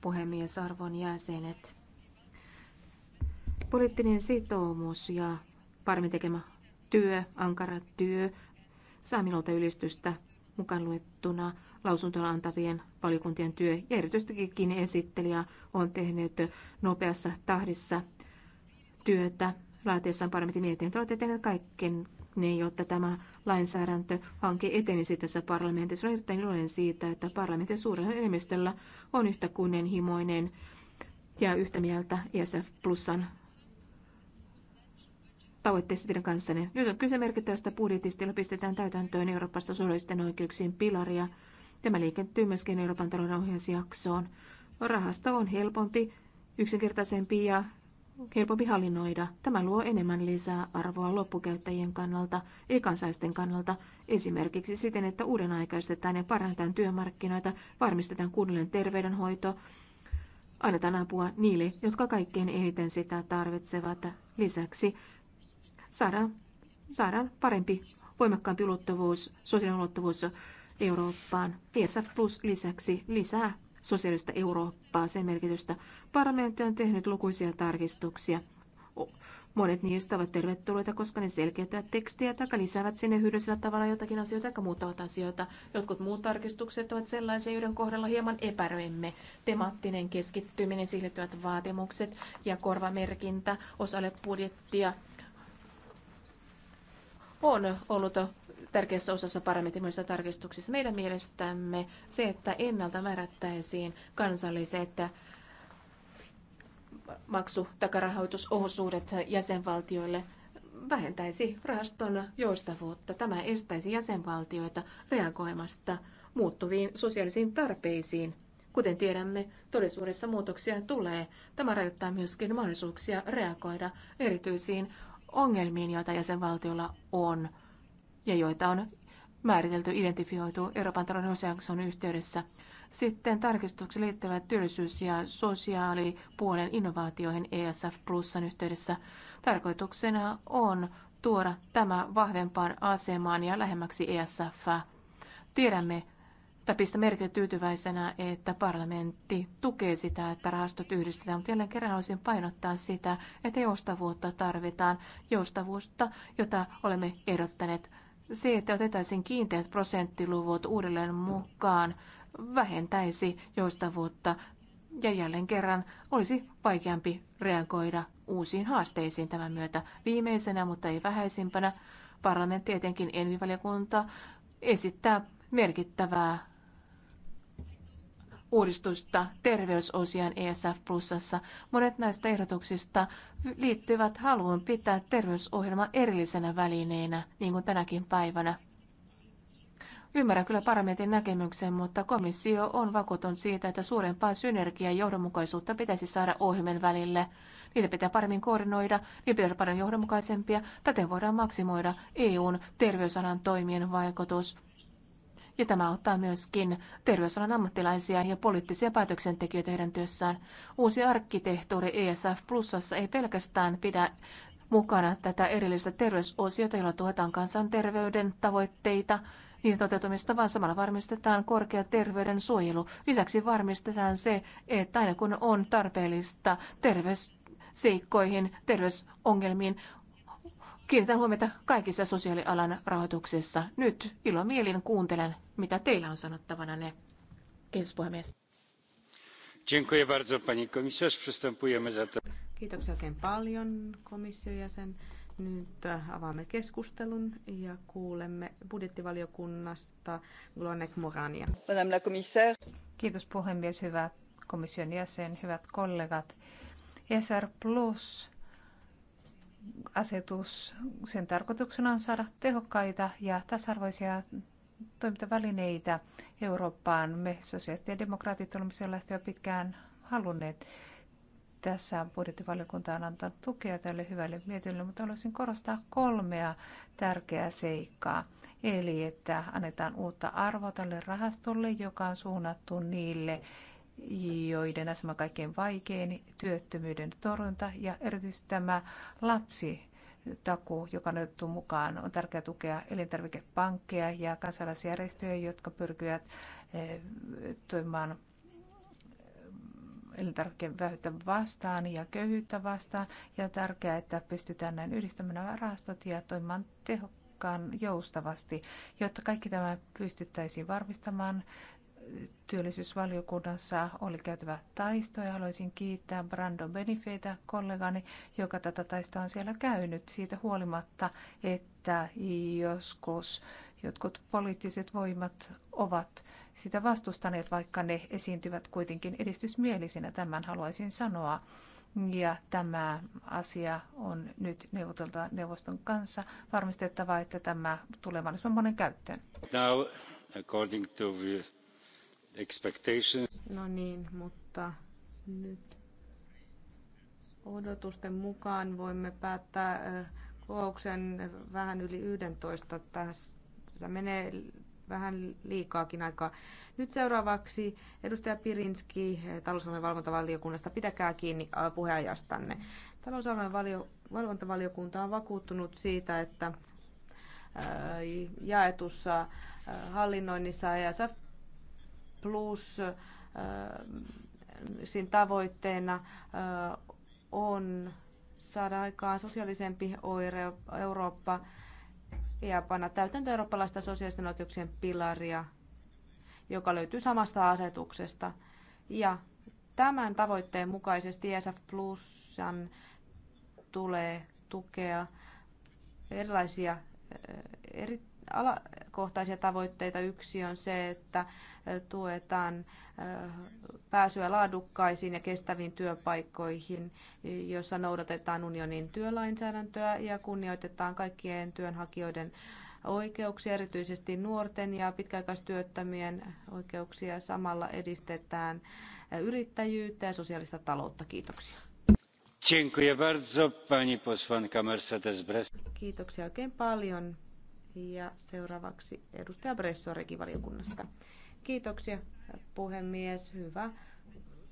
Puhemies, arvon jäsenet. Poliittinen sitoumus ja paremmin tekemä työ, ankara työ, saa minulta ylistystä mukaan luettuna lausuntoa antavien valiokuntien työ ja erityisestikin esittelijä on tehnyt nopeassa tahdissa työtä laatiessaan paremmin mietintöä. Olette tehneet kaiken, niin jotta tämä lainsäädäntöhanke etenisi tässä parlamentissa. Olen erittäin iloinen siitä, että parlamentin suurella enemmistöllä on yhtä kunnianhimoinen ja yhtä mieltä ESF Plusan tavoitteista teidän kanssanne. Nyt on kyse merkittävästä budjetista, jolla pistetään täytäntöön Euroopasta sosiaalisten oikeuksien pilaria. Tämä liikentyy myöskin Euroopan talouden ohjausjaksoon. Rahasta on helpompi, yksinkertaisempi ja helpompi hallinnoida. Tämä luo enemmän lisää arvoa loppukäyttäjien kannalta ei kansaisten kannalta, esimerkiksi siten, että uudenaikaistetaan ja parannetaan työmarkkinoita, varmistetaan kunnollinen terveydenhoito, annetaan apua niille, jotka kaikkein eniten sitä tarvitsevat. Lisäksi saadaan, saadaan parempi, voimakkaampi ulottuvuus, sosiaalinen ulottuvuus Eurooppaan. ESF Plus lisäksi lisää sosiaalista Eurooppaa, sen merkitystä. Parlamentti on tehnyt lukuisia tarkistuksia. Monet niistä ovat tervetulleita, koska ne selkeyttävät tekstiä tai lisäävät sinne hyödyllisellä tavalla jotakin asioita, tai muuttavat asioita. Jotkut muut tarkistukset ovat sellaisia, joiden kohdalla hieman epäröimme. Temaattinen keskittyminen, siirrettyvät vaatimukset ja korvamerkintä osalle budjettia on ollut tärkeässä osassa parlamentin tarkistuksissa. Meidän mielestämme se, että ennalta määrättäisiin kansalliset maksu- jäsenvaltioille, vähentäisi rahaston joustavuutta. Tämä estäisi jäsenvaltioita reagoimasta muuttuviin sosiaalisiin tarpeisiin. Kuten tiedämme, todellisuudessa muutoksia tulee. Tämä rajoittaa myöskin mahdollisuuksia reagoida erityisiin ongelmiin, joita jäsenvaltiolla on ja joita on määritelty, identifioitu Euroopan talouden osaakson yhteydessä. Sitten tarkistukset liittyvät työllisyys- ja sosiaalipuolen innovaatioihin ESF Plusan yhteydessä. Tarkoituksena on tuoda tämä vahvempaan asemaan ja lähemmäksi ESF. Tiedämme, tai pistä merkille tyytyväisenä, että parlamentti tukee sitä, että rahastot yhdistetään, mutta jälleen kerran haluaisin painottaa sitä, että joustavuutta tarvitaan, joustavuutta, jota olemme ehdottaneet se, että otettaisiin kiinteät prosenttiluvut uudelleen mukaan, vähentäisi joustavuutta ja jälleen kerran olisi vaikeampi reagoida uusiin haasteisiin tämän myötä. Viimeisenä, mutta ei vähäisimpänä, parlamentti, etenkin envivaliokunta, esittää merkittävää uudistusta terveysosian ESF Plusassa. Monet näistä ehdotuksista liittyvät haluun pitää terveysohjelma erillisenä välineenä, niin kuin tänäkin päivänä. Ymmärrän kyllä parlamentin näkemyksen, mutta komissio on vakuutunut siitä, että suurempaa synergiaa ja johdonmukaisuutta pitäisi saada ohjelmien välille. Niitä pitää paremmin koordinoida, niitä pitää olla paljon johdonmukaisempia. Täten voidaan maksimoida EUn terveysalan toimien vaikutus. Ja tämä auttaa myöskin terveysalan ammattilaisia ja poliittisia päätöksentekijöitä heidän työssään. Uusi arkkitehtuuri ESF Plusassa ei pelkästään pidä mukana tätä erillistä terveysosiota, jolla tuetaan kansanterveyden tavoitteita, niin toteutumista, vaan samalla varmistetaan korkea terveyden suojelu. Lisäksi varmistetaan se, että aina kun on tarpeellista terveysseikkoihin terveysongelmiin Kiinnitän huomiota kaikissa sosiaalialan rahoituksissa. Nyt ilomielin kuuntelen, mitä teillä on sanottavana ne. Kiitos puhemies. Kiitoksia oikein paljon komission jäsen. Nyt äh, avaamme keskustelun ja kuulemme budjettivaliokunnasta Glonek Morania. Madame la commissaire. Kiitos puhemies, hyvä komission jäsen, hyvät kollegat. ESR Plus asetus, sen tarkoituksena on saada tehokkaita ja tasa-arvoisia toimintavälineitä Eurooppaan. Me sosiaalidemokraatit olemme sellaista jo pitkään halunneet. Tässä budjettivaliokunta on antanut tukea tälle hyvälle mietinnölle, mutta haluaisin korostaa kolmea tärkeää seikkaa. Eli että annetaan uutta arvoa tälle rahastolle, joka on suunnattu niille joiden asema kaikkein vaikein, työttömyyden torjunta ja erityisesti tämä lapsi takuu, joka on otettu mukaan. On tärkeää tukea elintarvikepankkeja ja kansalaisjärjestöjä, jotka pyrkivät eh, toimimaan eh, elintarvikevähyyttä vastaan ja köyhyyttä vastaan. Ja on tärkeää, että pystytään näin yhdistämään nämä rahastot ja toimimaan tehokkaan joustavasti, jotta kaikki tämä pystyttäisiin varmistamaan työllisyysvaliokunnassa oli käytävä taisto ja haluaisin kiittää Brando Benifeitä, kollegani, joka tätä taistoa on siellä käynyt siitä huolimatta, että joskus jotkut poliittiset voimat ovat sitä vastustaneet, vaikka ne esiintyvät kuitenkin edistysmielisinä, tämän haluaisin sanoa. Ja tämä asia on nyt neuvoteltava neuvoston kanssa varmistettava, että tämä tulee mahdollisimman monen käyttöön. Now, according to the No niin, mutta nyt odotusten mukaan voimme päättää kokouksen vähän yli 11. Tässä menee vähän liikaakin aikaa. Nyt seuraavaksi edustaja Pirinski talousalueen valvontavaliokunnasta. Pitäkää kiinni puheenjastanne. Talousalueen valvontavaliokunta on vakuuttunut siitä, että jaetussa hallinnoinnissa ja e plus siinä tavoitteena on saada aikaan sosiaalisempi oire Eurooppa ja panna täytäntö eurooppalaista sosiaalisten oikeuksien pilaria, joka löytyy samasta asetuksesta. Ja tämän tavoitteen mukaisesti ESF Plus tulee tukea erilaisia eri, alakohtaisia tavoitteita. Yksi on se, että tuetaan pääsyä laadukkaisiin ja kestäviin työpaikkoihin, joissa noudatetaan unionin työlainsäädäntöä ja kunnioitetaan kaikkien työnhakijoiden oikeuksia, erityisesti nuorten ja pitkäaikaistyöttömien oikeuksia. Samalla edistetään yrittäjyyttä ja sosiaalista taloutta. Kiitoksia. Kiitoksia oikein paljon. Ja seuraavaksi edustaja Bresso regivaliokunnasta. Kiitoksia puhemies. Hyvä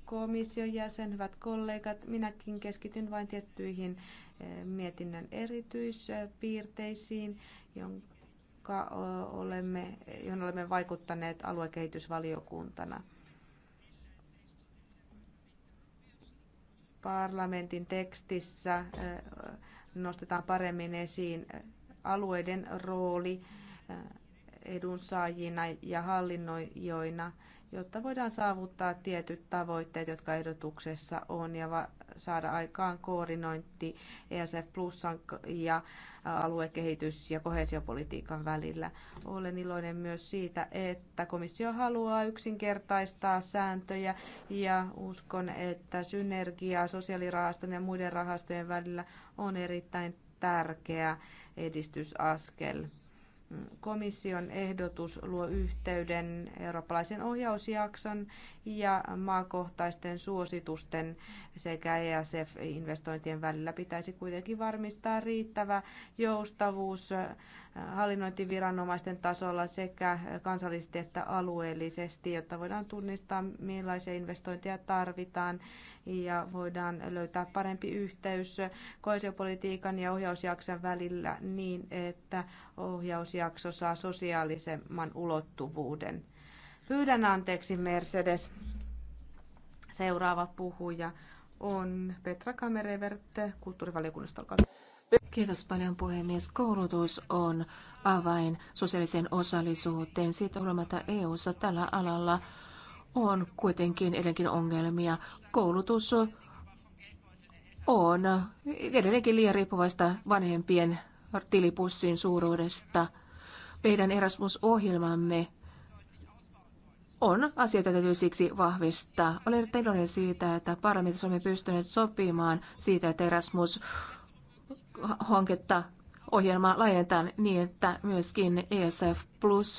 komission jäsen, hyvät kollegat. Minäkin keskityn vain tiettyihin eh, mietinnän erityispiirteisiin, jonka olemme, johon olemme vaikuttaneet aluekehitysvaliokuntana. Parlamentin tekstissä eh, nostetaan paremmin esiin alueiden rooli eh, edunsaajina ja hallinnoijoina, jotta voidaan saavuttaa tietyt tavoitteet, jotka ehdotuksessa on, ja saada aikaan koordinointi ESF Plusan ja aluekehitys- ja kohesiopolitiikan välillä. Olen iloinen myös siitä, että komissio haluaa yksinkertaistaa sääntöjä ja uskon, että synergiaa sosiaalirahaston ja muiden rahastojen välillä on erittäin tärkeä edistysaskel komission ehdotus luo yhteyden eurooppalaisen ohjausjakson ja maakohtaisten suositusten sekä ESF-investointien välillä pitäisi kuitenkin varmistaa riittävä joustavuus äh, hallinnointiviranomaisten tasolla sekä kansallisesti että alueellisesti, jotta voidaan tunnistaa, millaisia investointeja tarvitaan ja voidaan löytää parempi yhteys koesiopolitiikan ja ohjausjakson välillä niin, että ohjausjakso saa sosiaalisemman ulottuvuuden. Pyydän anteeksi, Mercedes. Seuraava puhuja on Petra Kamerevert kulttuurivaliokunnasta. Olkaa. Kiitos paljon puhemies. Koulutus on avain sosiaaliseen osallisuuteen. Siitä huolimatta EU-ssa tällä alalla on kuitenkin edelleenkin ongelmia. Koulutus on edelleenkin liian riippuvaista vanhempien tilipussin suuruudesta. Meidän Erasmus-ohjelmamme on asioita täytyy siksi vahvistaa. Olen erittäin iloinen siitä, että parlamentissa olemme pystyneet sopimaan siitä, että Erasmus-hanketta ohjelmaa laajennetaan niin, että myöskin ESF Plus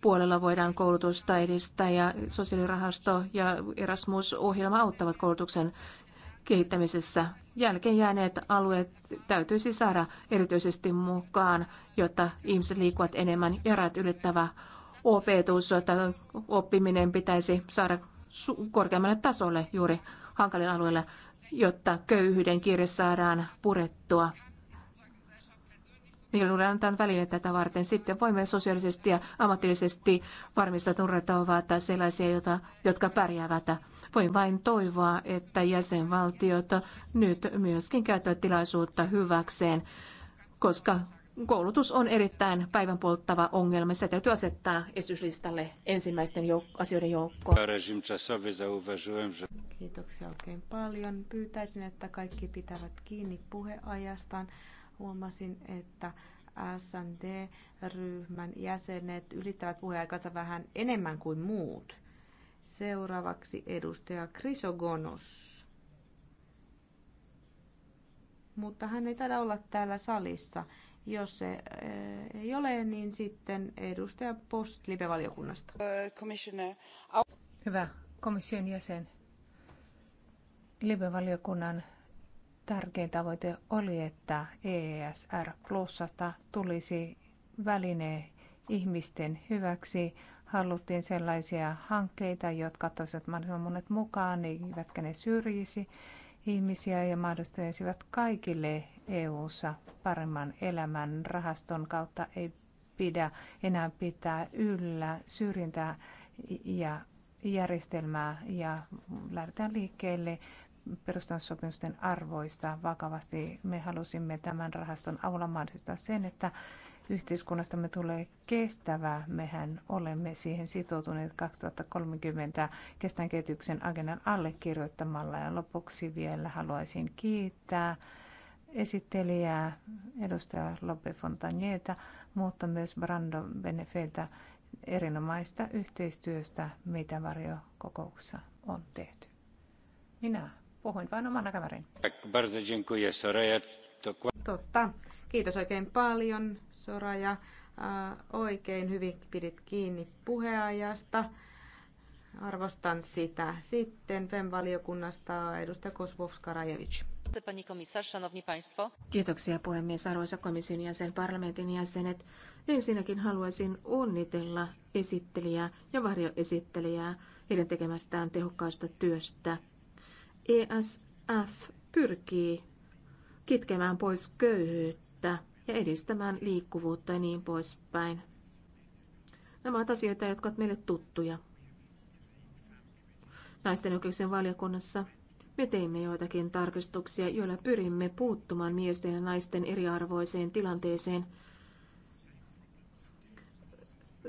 puolella voidaan koulutusta edistää ja sosiaalirahasto ja Erasmus-ohjelma auttavat koulutuksen kehittämisessä. Jälkeen jääneet alueet täytyisi saada erityisesti mukaan, jotta ihmiset liikkuvat enemmän ja rajat ylittävä opetus tai oppiminen pitäisi saada korkeammalle tasolle juuri hankalilla alueilla, jotta köyhyyden kierre saadaan purettua. luulen antaa väline tätä varten, sitten voimme sosiaalisesti ja ammatillisesti varmistaa, että ovat sellaisia, jota, jotka pärjäävät. Voin vain toivoa, että jäsenvaltiot nyt myöskin käyttävät tilaisuutta hyväkseen, koska Koulutus on erittäin päivän polttava ongelma. Se täytyy asettaa esityslistalle ensimmäisten jouk- asioiden joukkoon. Kiitoksia oikein paljon. Pyytäisin, että kaikki pitävät kiinni puheajastaan. Huomasin, että SND-ryhmän jäsenet ylittävät puheaikansa vähän enemmän kuin muut. Seuraavaksi edustaja Krisogonos. Mutta hän ei taida olla täällä salissa jos se eh, ei ole, niin sitten edustaja Post Live-valiokunnasta. Hyvä komission jäsen. Live-valiokunnan tärkein tavoite oli, että EESR plussasta tulisi väline ihmisten hyväksi. Haluttiin sellaisia hankkeita, jotka toisivat mahdollisimman monet mukaan, eivätkä ne syrjisi ihmisiä ja mahdollistaisivat kaikille EU-ssa paremman elämän. Rahaston kautta ei pidä enää pitää yllä syrjintää ja järjestelmää ja lähdetään liikkeelle perustamissopimusten arvoista vakavasti. Me halusimme tämän rahaston avulla mahdollistaa sen, että yhteiskunnastamme tulee kestävää. Mehän olemme siihen sitoutuneet 2030 kestävän kehityksen agendan allekirjoittamalla. Ja lopuksi vielä haluaisin kiittää esittelijää, edustaja Lope Fontanieta, mutta myös Brando Benefeiltä erinomaista yhteistyöstä, mitä varjokokouksessa on tehty. Minä puhuin vain oman Totta. Kiitos oikein paljon, Soraja. Oikein hyvin pidit kiinni puheajasta. Arvostan sitä. Sitten FEM-valiokunnasta edustaja Kosvovska-Rajevic. Kiitoksia puhemies, arvoisa komission jäsen, parlamentin jäsenet. Ensinnäkin haluaisin onnitella esittelijää ja varjoesittelijää heidän tekemästään tehokkaasta työstä. ESF pyrkii kitkemään pois köyhyyttä kehittää ja edistämään liikkuvuutta ja niin poispäin. Nämä ovat asioita, jotka ovat meille tuttuja. Naisten oikeuksien valiokunnassa me teimme joitakin tarkistuksia, joilla pyrimme puuttumaan miesten ja naisten eriarvoiseen tilanteeseen.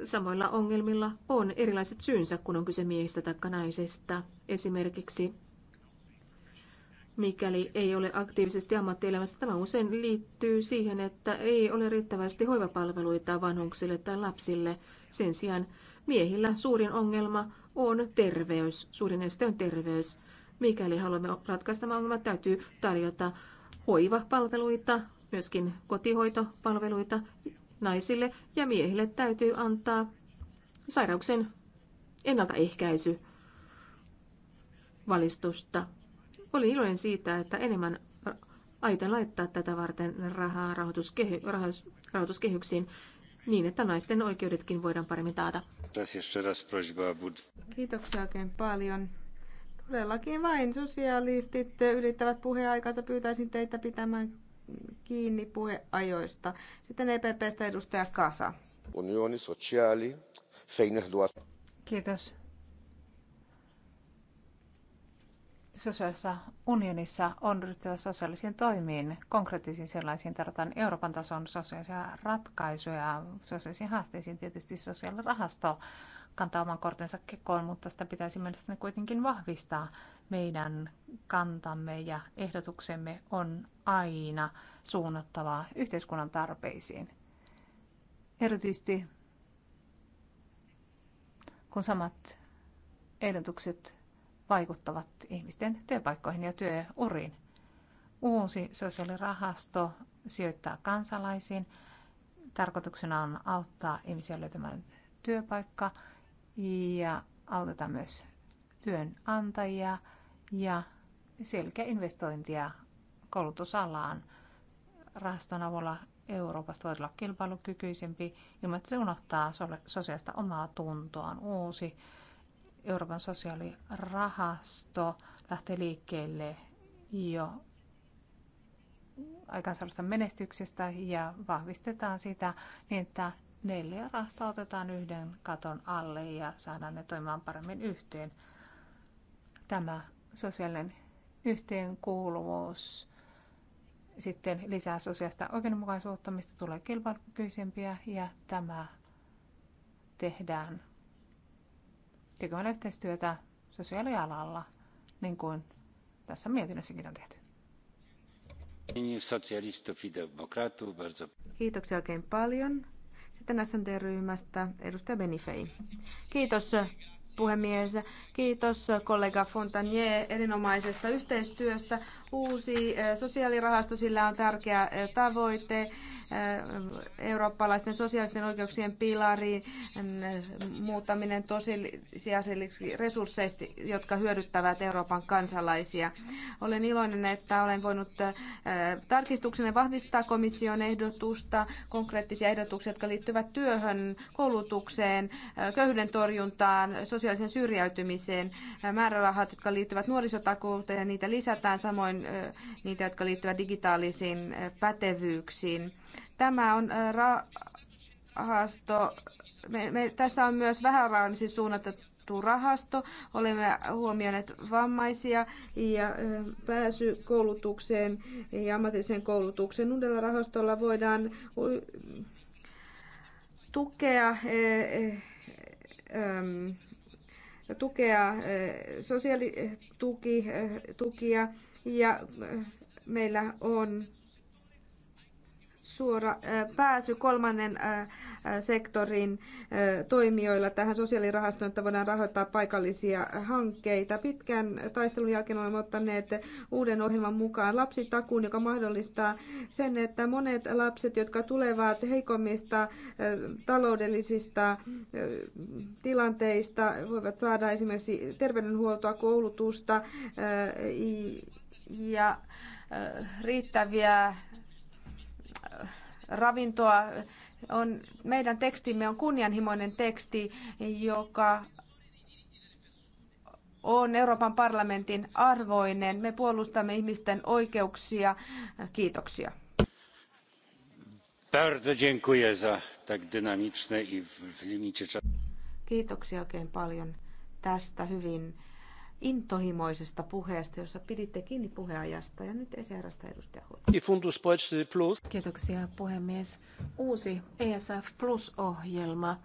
Samoilla ongelmilla on erilaiset syynsä, kun on kyse miehistä tai naisesta. Esimerkiksi mikäli ei ole aktiivisesti ammattielämässä. Tämä usein liittyy siihen, että ei ole riittävästi hoivapalveluita vanhuksille tai lapsille. Sen sijaan miehillä suurin ongelma on terveys, suurin este on terveys. Mikäli haluamme ratkaista tämä ongelma, täytyy tarjota hoivapalveluita, myöskin kotihoitopalveluita naisille ja miehille täytyy antaa sairauksen ennaltaehkäisy valistusta. Olin iloinen siitä, että enemmän aitan laittaa tätä varten rahaa rahoituskehy, rahoitus, rahoituskehyksiin niin, että naisten oikeudetkin voidaan paremmin taata. Kiitoksia oikein paljon. Todellakin vain sosialistit ylittävät puheaikansa. Pyytäisin teitä pitämään kiinni puheajoista. Sitten EPPstä edustaja Kasa. Unioni sosiaali, Kiitos sosiaalisessa unionissa on ryhtyä sosiaalisiin toimiin, konkreettisiin sellaisiin, tarvitaan Euroopan tason sosiaalisia ratkaisuja, sosiaalisiin haasteisiin tietysti sosiaalirahasto kantaa oman kortensa kekoon, mutta sitä pitäisi mielestäni kuitenkin vahvistaa. Meidän kantamme ja ehdotuksemme on aina suunnattavaa yhteiskunnan tarpeisiin. Erityisesti kun samat ehdotukset vaikuttavat ihmisten työpaikkoihin ja työuriin. Uusi sosiaalirahasto sijoittaa kansalaisiin. Tarkoituksena on auttaa ihmisiä löytämään työpaikka ja autetaan myös työnantajia ja selkeä investointia koulutusalaan. Rahaston avulla Euroopasta voi olla kilpailukykyisempi ilman, että se unohtaa sosiaalista omaa tuntoaan. Uusi Euroopan sosiaalirahasto lähtee liikkeelle jo aikaansaavasta menestyksestä ja vahvistetaan sitä niin, että neljä rahastoa otetaan yhden katon alle ja saadaan ne toimimaan paremmin yhteen. Tämä sosiaalinen yhteenkuuluvuus sitten lisää sosiaalista oikeudenmukaisuutta, mistä tulee kilpailukykyisempiä ja tämä tehdään tekemällä yhteistyötä sosiaalialalla, niin kuin tässä mietinnössäkin on tehty. Kiitoksia oikein paljon. Sitten SNT-ryhmästä edustaja Benifei. Kiitos puhemies. Kiitos kollega Fontanier erinomaisesta yhteistyöstä. Uusi eh, sosiaalirahasto, sillä on tärkeä eh, tavoite eurooppalaisten sosiaalisten oikeuksien pilariin muuttaminen tosiasiallisiksi resursseiksi, jotka hyödyttävät Euroopan kansalaisia. Olen iloinen, että olen voinut tarkistuksenne vahvistaa komission ehdotusta, konkreettisia ehdotuksia, jotka liittyvät työhön, koulutukseen, köyhyyden torjuntaan, sosiaalisen syrjäytymiseen, määrärahat, jotka liittyvät nuorisotakuuteen ja niitä lisätään, samoin niitä, jotka liittyvät digitaalisiin pätevyyksiin Tämä on äh, rahasto. Me, me, tässä on myös vähävaraisiin suunnattu rahasto. Olemme huomioineet vammaisia ja äh, pääsy koulutukseen ja ammatilliseen koulutukseen. Uudella rahastolla voidaan tukea äh, ähm, tukea, sosiaalitukia ja meillä on suora pääsy kolmannen sektorin toimijoilla tähän sosiaalirahastoon, että voidaan rahoittaa paikallisia hankkeita. Pitkän taistelun jälkeen olemme ottaneet uuden ohjelman mukaan lapsitakuun, joka mahdollistaa sen, että monet lapset, jotka tulevat heikommista taloudellisista tilanteista, voivat saada esimerkiksi terveydenhuoltoa, koulutusta ja riittäviä ravintoa. On, meidän tekstimme on kunnianhimoinen teksti, joka on Euroopan parlamentin arvoinen. Me puolustamme ihmisten oikeuksia. Kiitoksia. Kiitoksia oikein paljon tästä hyvin intohimoisesta puheesta, jossa piditte kiinni puheajasta. Ja nyt esiherrasta edustaja Plus. Kiitoksia puhemies. Uusi ESF Plus-ohjelma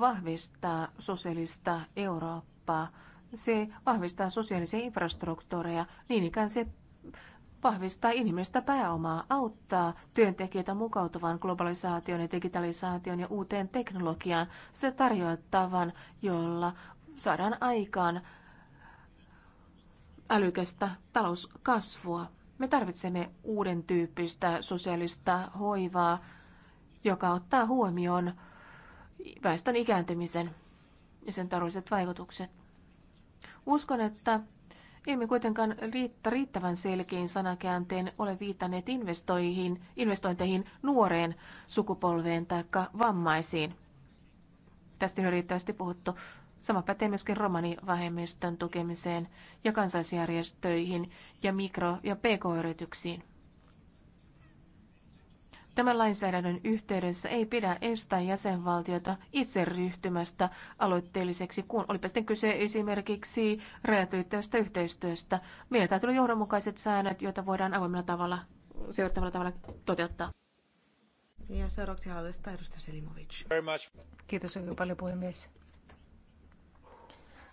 vahvistaa sosiaalista Eurooppaa. Se vahvistaa sosiaalisia infrastruktuureja, niin ikään se vahvistaa inhimillistä pääomaa, auttaa työntekijöitä mukautuvan globalisaation ja digitalisaation ja uuteen teknologiaan, se tarjoaa tavan, jolla saadaan aikaan älykästä talouskasvua. Me tarvitsemme uuden tyyppistä sosiaalista hoivaa, joka ottaa huomioon väestön ikääntymisen ja sen taloudelliset vaikutukset. Uskon, että emme kuitenkaan riittävän selkein sanakääntein ole viitanneet investoihin, investointeihin nuoreen sukupolveen tai vammaisiin. Tästä on riittävästi puhuttu. Sama pätee myöskin romanivähemmistön tukemiseen ja kansaisjärjestöihin ja mikro- ja pk-yrityksiin. Tämän lainsäädännön yhteydessä ei pidä estää jäsenvaltiota itse ryhtymästä aloitteelliseksi, kun olipa sitten kyse esimerkiksi rajatyyttävästä yhteistyöstä. Meillä täytyy olla johdonmukaiset säännöt, joita voidaan avoimella tavalla, seurattavalla tavalla toteuttaa. Ja seuraavaksi hallista edustaja Selimovic. Kiitos oikein paljon puhemies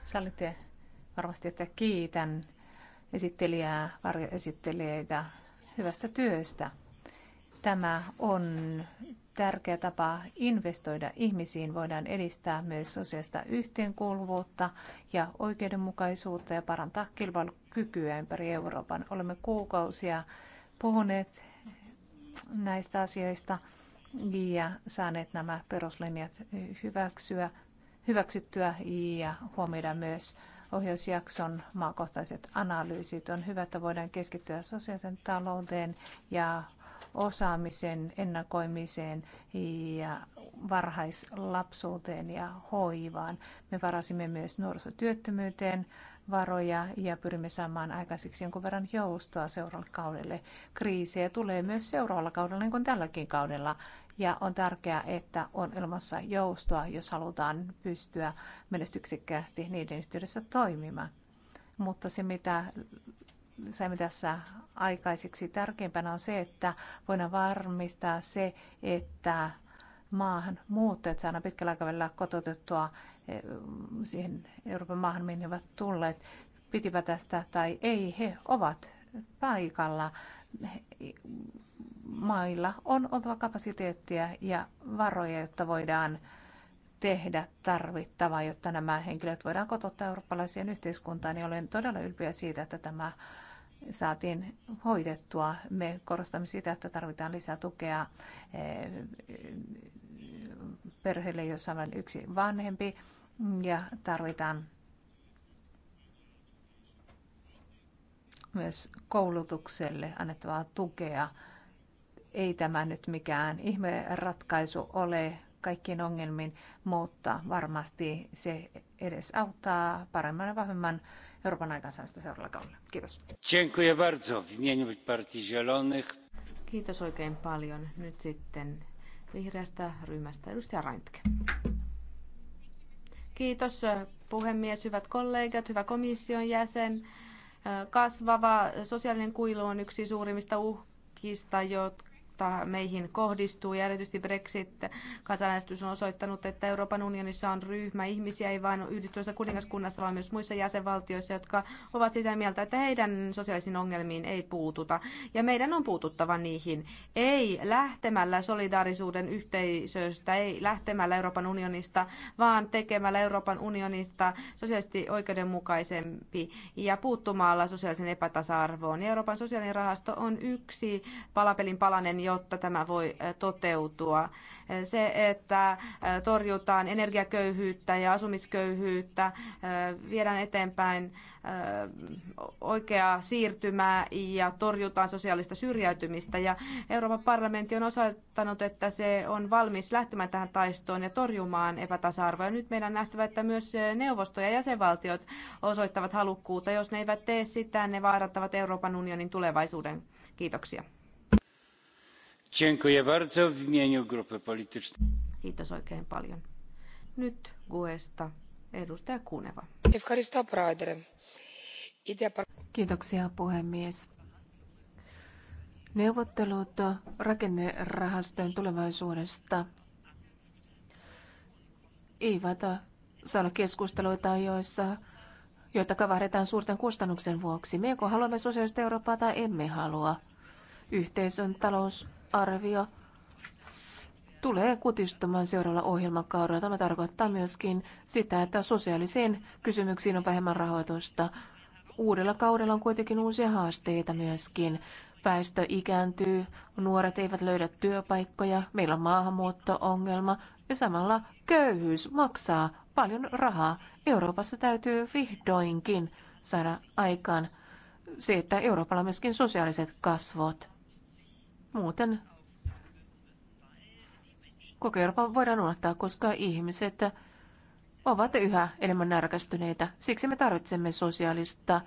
Sallitte varmasti, että kiitän esittelijää, varjoesittelijöitä hyvästä työstä. Tämä on tärkeä tapa investoida ihmisiin. Voidaan edistää myös sosiaalista yhteenkuuluvuutta ja oikeudenmukaisuutta ja parantaa kilpailukykyä ympäri Euroopan. Olemme kuukausia puhuneet näistä asioista ja saaneet nämä peruslinjat hyväksyä hyväksyttyä ja huomioida myös ohjausjakson maakohtaiset analyysit. On hyvä, että voidaan keskittyä sosiaalisen talouteen ja osaamisen ennakoimiseen ja varhaislapsuuteen ja hoivaan. Me varasimme myös nuorisotyöttömyyteen varoja ja pyrimme saamaan aikaiseksi jonkun verran joustoa seuraavalle kaudelle. Kriisejä tulee myös seuraavalla kaudella, niin kuin tälläkin kaudella ja on tärkeää, että on ilmassa joustoa, jos halutaan pystyä menestyksekkäästi niiden yhteydessä toimimaan. Mutta se, mitä saimme tässä aikaiseksi tärkeimpänä on se, että voidaan varmistaa se, että maahan muuttajat saadaan pitkällä aikavälillä kotoutettua eh, siihen Euroopan maahan, minne ovat tulleet, pitipä tästä tai ei, he ovat paikalla mailla on oltava kapasiteettia ja varoja, jotta voidaan tehdä tarvittavaa, jotta nämä henkilöt voidaan kotouttaa eurooppalaiseen yhteiskuntaan. Niin olen todella ylpeä siitä, että tämä saatiin hoidettua. Me korostamme sitä, että tarvitaan lisää tukea eh, perheelle, jossa on yksi vanhempi ja tarvitaan myös koulutukselle annettavaa tukea. Ei tämä nyt mikään ihme ratkaisu ole kaikkiin ongelmiin, mutta varmasti se edes auttaa paremman ja vahvemman Euroopan aikaansaamista seuraavalla kaudella. Kiitos. bardzo, Kiitos oikein paljon. Nyt sitten vihreästä ryhmästä edustaja Raintke. Kiitos eh, puhemies, hyvät kollegat, hyvä komission jäsen Kasvava sosiaalinen kuilu on yksi suurimmista uhkista, jotka jota meihin kohdistuu. Ja erityisesti Brexit-kansanäänestys on osoittanut, että Euroopan unionissa on ryhmä ihmisiä, ei vain yhdistyvässä kuningaskunnassa, vaan myös muissa jäsenvaltioissa, jotka ovat sitä mieltä, että heidän sosiaalisiin ongelmiin ei puututa. Ja meidän on puututtava niihin. Ei lähtemällä solidaarisuuden yhteisöstä, ei lähtemällä Euroopan unionista, vaan tekemällä Euroopan unionista sosiaalisesti oikeudenmukaisempi ja puuttumalla sosiaalisen epätasa-arvoon. Euroopan sosiaalinen rahasto on yksi palapelin palanen, jotta tämä voi toteutua. Se, että torjutaan energiaköyhyyttä ja asumisköyhyyttä, viedään eteenpäin oikeaa siirtymää ja torjutaan sosiaalista syrjäytymistä. Ja Euroopan parlamentti on osoittanut, että se on valmis lähtemään tähän taistoon ja torjumaan epätasa-arvoa. Ja nyt meidän on nähtävä, että myös neuvosto ja jäsenvaltiot osoittavat halukkuutta. Jos ne eivät tee sitä, ne vaarantavat Euroopan unionin tulevaisuuden. Kiitoksia. Kiitos paljon. Nyt Guesta Kuneva. Kiitoksia puhemies. Neuvottelut rakennerahastojen tulevaisuudesta eivät saa olla keskusteluita, joissa joita kavahdetaan suurten kustannuksen vuoksi. Me joko haluamme sosiaalista Eurooppaa tai emme halua. Yhteisön talous arvio tulee kutistumaan seuraavalla ohjelmakaudella. Tämä tarkoittaa myöskin sitä, että sosiaalisiin kysymyksiin on vähemmän rahoitusta. Uudella kaudella on kuitenkin uusia haasteita myöskin. Väestö ikääntyy, nuoret eivät löydä työpaikkoja, meillä on maahanmuutto-ongelma ja samalla köyhyys maksaa paljon rahaa. Euroopassa täytyy vihdoinkin saada aikaan se, että Euroopalla on myöskin sosiaaliset kasvot. Muuten koko voidaan unohtaa, koska ihmiset ovat yhä enemmän närkästyneitä. Siksi me tarvitsemme sosiaalista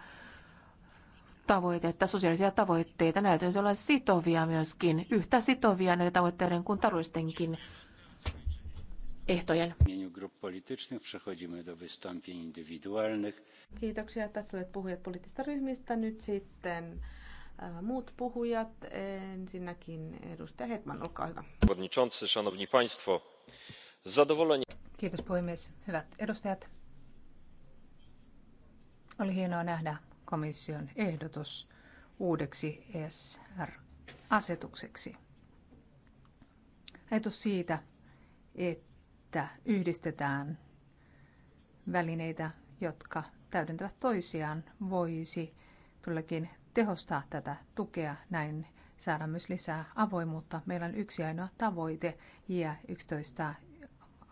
tavoitetta, sosiaalisia tavoitteita. Näitä täytyy olla sitovia myöskin, yhtä sitovia näiden tavoitteiden kuin taloudellistenkin ehtojen. Kiitoksia. Tässä olet puhujat poliittisista ryhmistä. Nyt sitten muut puhujat. Ensinnäkin edustaja Hetman, olkaa hyvä. Kiitos puhemies. Hyvät edustajat. Oli hienoa nähdä komission ehdotus uudeksi ESR-asetukseksi. Ajatus siitä, että yhdistetään välineitä, jotka täydentävät toisiaan, voisi todellakin tehostaa tätä tukea. Näin saada myös lisää avoimuutta. Meillä on yksi ainoa tavoite ja 11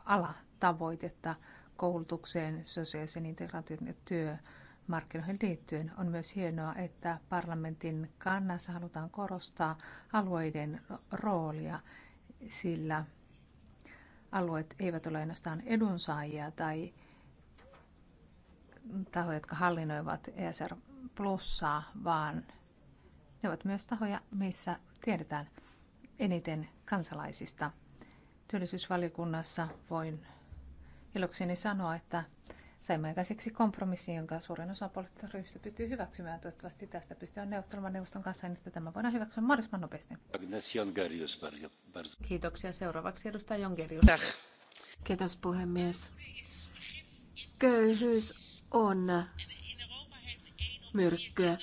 alatavoitetta koulutukseen, sosiaalisen integraation ja työmarkkinoihin liittyen. On myös hienoa, että parlamentin kannassa halutaan korostaa alueiden roolia, sillä alueet eivät ole ainoastaan edunsaajia tai tahoja, jotka hallinnoivat ESR plussaa, vaan ne ovat myös tahoja, missä tiedetään eniten kansalaisista. Työllisyysvaliokunnassa voin ilokseni sanoa, että saimme aikaiseksi kompromissin, jonka suurin osa poliittisista ryhmistä pystyy hyväksymään. Toivottavasti tästä pystyy neuvottelemaan neuvoston kanssa, niin että tämä voidaan hyväksyä mahdollisimman nopeasti. Kiitoksia. Seuraavaksi edustaja Jongerius. Kiitos puhemies. Köyhyys on myrkkyä.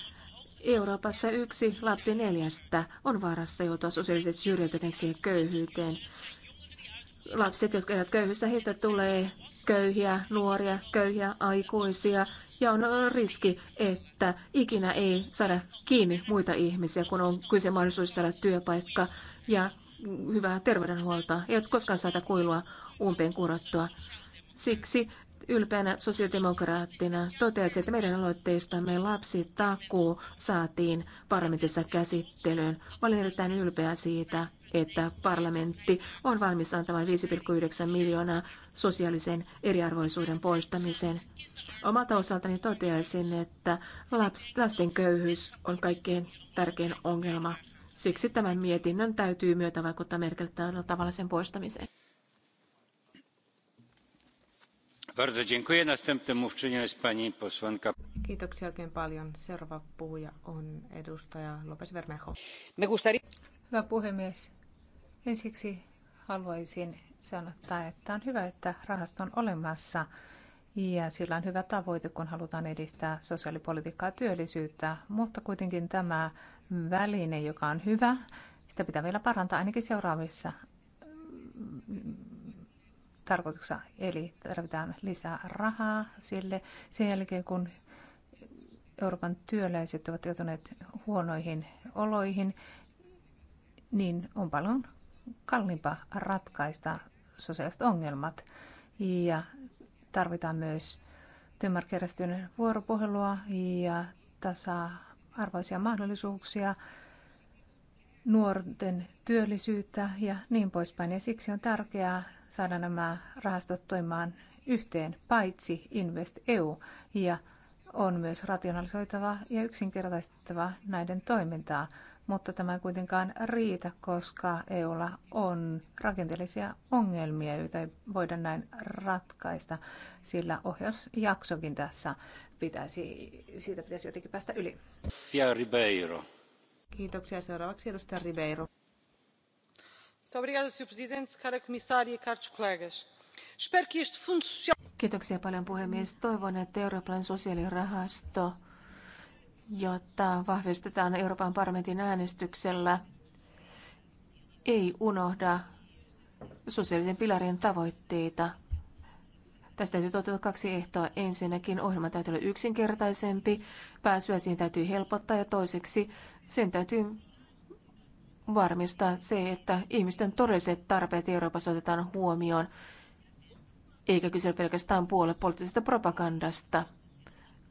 Euroopassa yksi lapsi neljästä on vaarassa joutua sosiaalisesti syrjäytyneeksi ja köyhyyteen. Lapset, jotka elävät köyhystä, heistä tulee köyhiä nuoria, köyhiä aikuisia ja on riski, että ikinä ei saada kiinni muita ihmisiä, kun on kyse mahdollisuus saada työpaikka ja hyvää terveydenhuoltoa. Ei ole koskaan saada kuilua umpeen kurottua. Siksi ylpeänä sosiaalidemokraattina totesi, että meidän aloitteistamme lapsi takuu saatiin parlamentissa käsittelyyn. Olen erittäin ylpeä siitä, että parlamentti on valmis antamaan 5,9 miljoonaa sosiaalisen eriarvoisuuden poistamiseen. Omalta osaltani toteaisin, että lasten köyhyys on kaikkein tärkein ongelma. Siksi tämän mietinnön täytyy myötä vaikuttaa merkittävällä tavalla sen poistamiseen. Kiitoksia oikein paljon. on edustaja López puhemies. Ensiksi haluaisin sanoa, että on hyvä, että rahasto on olemassa ja sillä on hyvä tavoite, kun halutaan edistää sosiaalipolitiikkaa ja työllisyyttä, mutta kuitenkin tämä väline, joka on hyvä, sitä pitää vielä parantaa ainakin seuraavissa tarkoituksessa. Eli tarvitaan lisää rahaa sille sen jälkeen, kun Euroopan työläiset ovat joutuneet huonoihin oloihin, niin on paljon kalliimpaa ratkaista sosiaaliset ongelmat. Ja tarvitaan myös työmarkkinoiden vuoropuhelua ja tasa-arvoisia mahdollisuuksia, nuorten työllisyyttä ja niin poispäin. Ja siksi on tärkeää saada nämä rahastot toimimaan yhteen, paitsi Invest EU, ja on myös rationalisoitava ja yksinkertaistettava näiden toimintaa. Mutta tämä ei kuitenkaan riitä, koska EUlla on rakenteellisia ongelmia, joita ei voida näin ratkaista, sillä ohjausjaksokin tässä pitäisi, siitä pitäisi jotenkin päästä yli. Ribeiro. Kiitoksia. Seuraavaksi edustaja Ribeiro. Senhor e Kiitoksia paljon puhemies. Toivon, että Euroopan sosiaalirahasto, jota vahvistetaan Euroopan parlamentin äänestyksellä, ei unohda sosiaalisen pilarin tavoitteita. Tästä täytyy toteuttaa kaksi ehtoa. Ensinnäkin ohjelma täytyy olla yksinkertaisempi, pääsyä siihen täytyy helpottaa ja toiseksi sen täytyy varmistaa se, että ihmisten todelliset tarpeet Euroopassa otetaan huomioon, eikä kyse pelkästään puoluepoliittisesta propagandasta,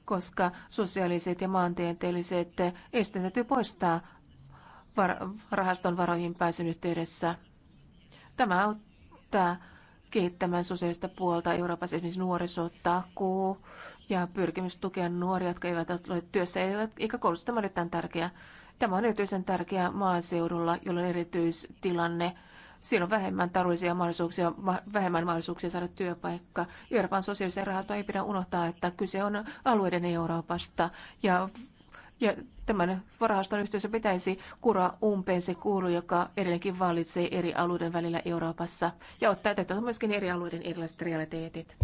koska sosiaaliset ja maantieteelliset esteet täytyy poistaa rahaston varoihin pääsyn yhteydessä. Tämä auttaa kehittämään sosiaalista puolta Euroopassa esimerkiksi nuorisotakuu ja pyrkimys tukea nuoria, jotka eivät ole työssä eikä koulutusta, Tämä on erittäin tärkeää. Tämä on erityisen tärkeää maaseudulla, jolla on erityistilanne. Siellä on vähemmän taloudellisia mahdollisuuksia, vähemmän mahdollisuuksia saada työpaikka. Euroopan sosiaalisen rahaston ei pidä unohtaa, että kyse on alueiden Euroopasta ja ja tämän rahaston yhteydessä pitäisi kuraa umpeen se kuulu, joka edelleenkin vallitsee eri alueiden välillä Euroopassa ja ottaa täytäntöön myöskin eri alueiden erilaiset realiteetit.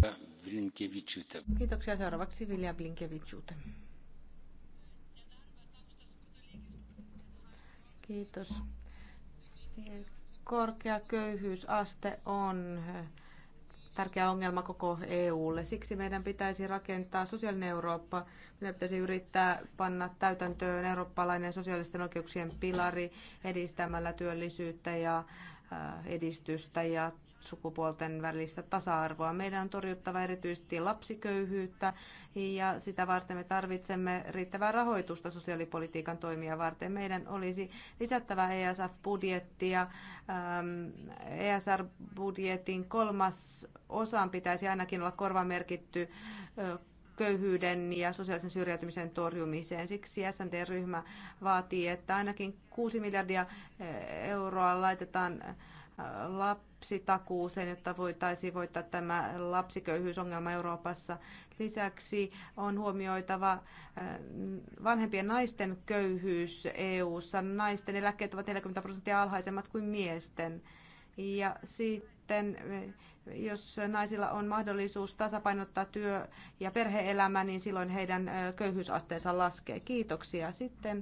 Kiitoksia. Seuraavaksi Vilja Blinkevichute. Kiitos. Korkea köyhyysaste on eh, tärkeä ongelma koko EUlle. Siksi meidän pitäisi rakentaa sosiaalinen Eurooppa. Meidän pitäisi yrittää panna täytäntöön eurooppalainen sosiaalisten oikeuksien pilari edistämällä työllisyyttä ja eh, edistystä ja sukupuolten välistä tasa-arvoa. Meidän on torjuttava erityisesti lapsiköyhyyttä ja sitä varten me tarvitsemme riittävää rahoitusta sosiaalipolitiikan toimia varten. Meidän olisi lisättävä ESF-budjettia. Ähm, ESR-budjetin kolmas osan pitäisi ainakin olla korvamerkitty köyhyyden ja sosiaalisen syrjäytymisen torjumiseen. Siksi SND-ryhmä vaatii, että ainakin 6 miljardia euroa laitetaan lapsitakuuseen, jotta voitaisiin voittaa tämä lapsiköyhyysongelma Euroopassa. Lisäksi on huomioitava äh, vanhempien naisten köyhyys EU:ssa. Naisten eläkkeet ovat 40 prosenttia alhaisemmat kuin miesten. Ja sitten äh, jos naisilla on mahdollisuus tasapainottaa työ- ja perhe-elämä, niin silloin heidän äh, köyhyysasteensa laskee. Kiitoksia. Sitten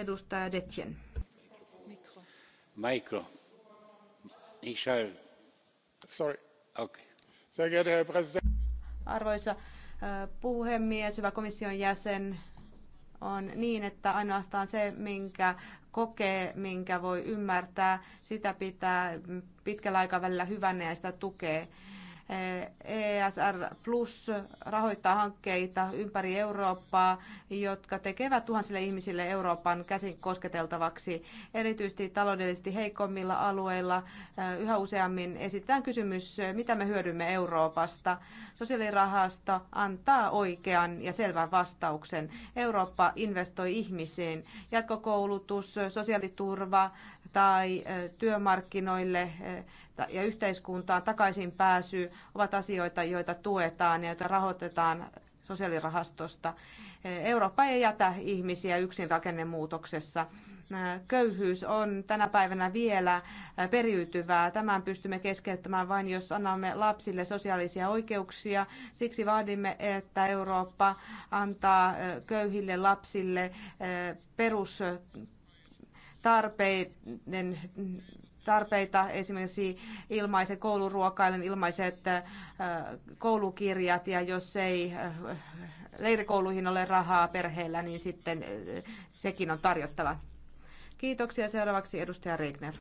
edustaja Detjen. Mikro arvoisa äh, puhemies hyvä komission jäsen on niin että ainoastaan se minkä kokee minkä voi ymmärtää sitä pitää pitkällä aikavälillä hyvänä ja sitä tukee. ESR Plus rahoittaa hankkeita ympäri Eurooppaa, jotka tekevät tuhansille ihmisille Euroopan käsin kosketeltavaksi. Erityisesti taloudellisesti heikommilla alueilla yhä useammin esitetään kysymys, mitä me hyödymme Euroopasta. Sosiaalirahasto antaa oikean ja selvän vastauksen. Eurooppa investoi ihmisiin. Jatkokoulutus, sosiaaliturva tai työmarkkinoille ja yhteiskuntaan takaisin pääsy ovat asioita, joita tuetaan ja joita rahoitetaan sosiaalirahastosta. Eurooppa ei jätä ihmisiä yksin rakennemuutoksessa. Köyhyys on tänä päivänä vielä periytyvää. Tämän pystymme keskeyttämään vain, jos annamme lapsille sosiaalisia oikeuksia. Siksi vaadimme, että Eurooppa antaa köyhille lapsille perustarpeiden tarpeita, esimerkiksi ilmaisen kouluruokailun, ilmaiset äh, koulukirjat ja jos ei äh, leirikouluihin ole rahaa perheellä, niin sitten äh, sekin on tarjottava. Kiitoksia. Seuraavaksi edustaja Regner.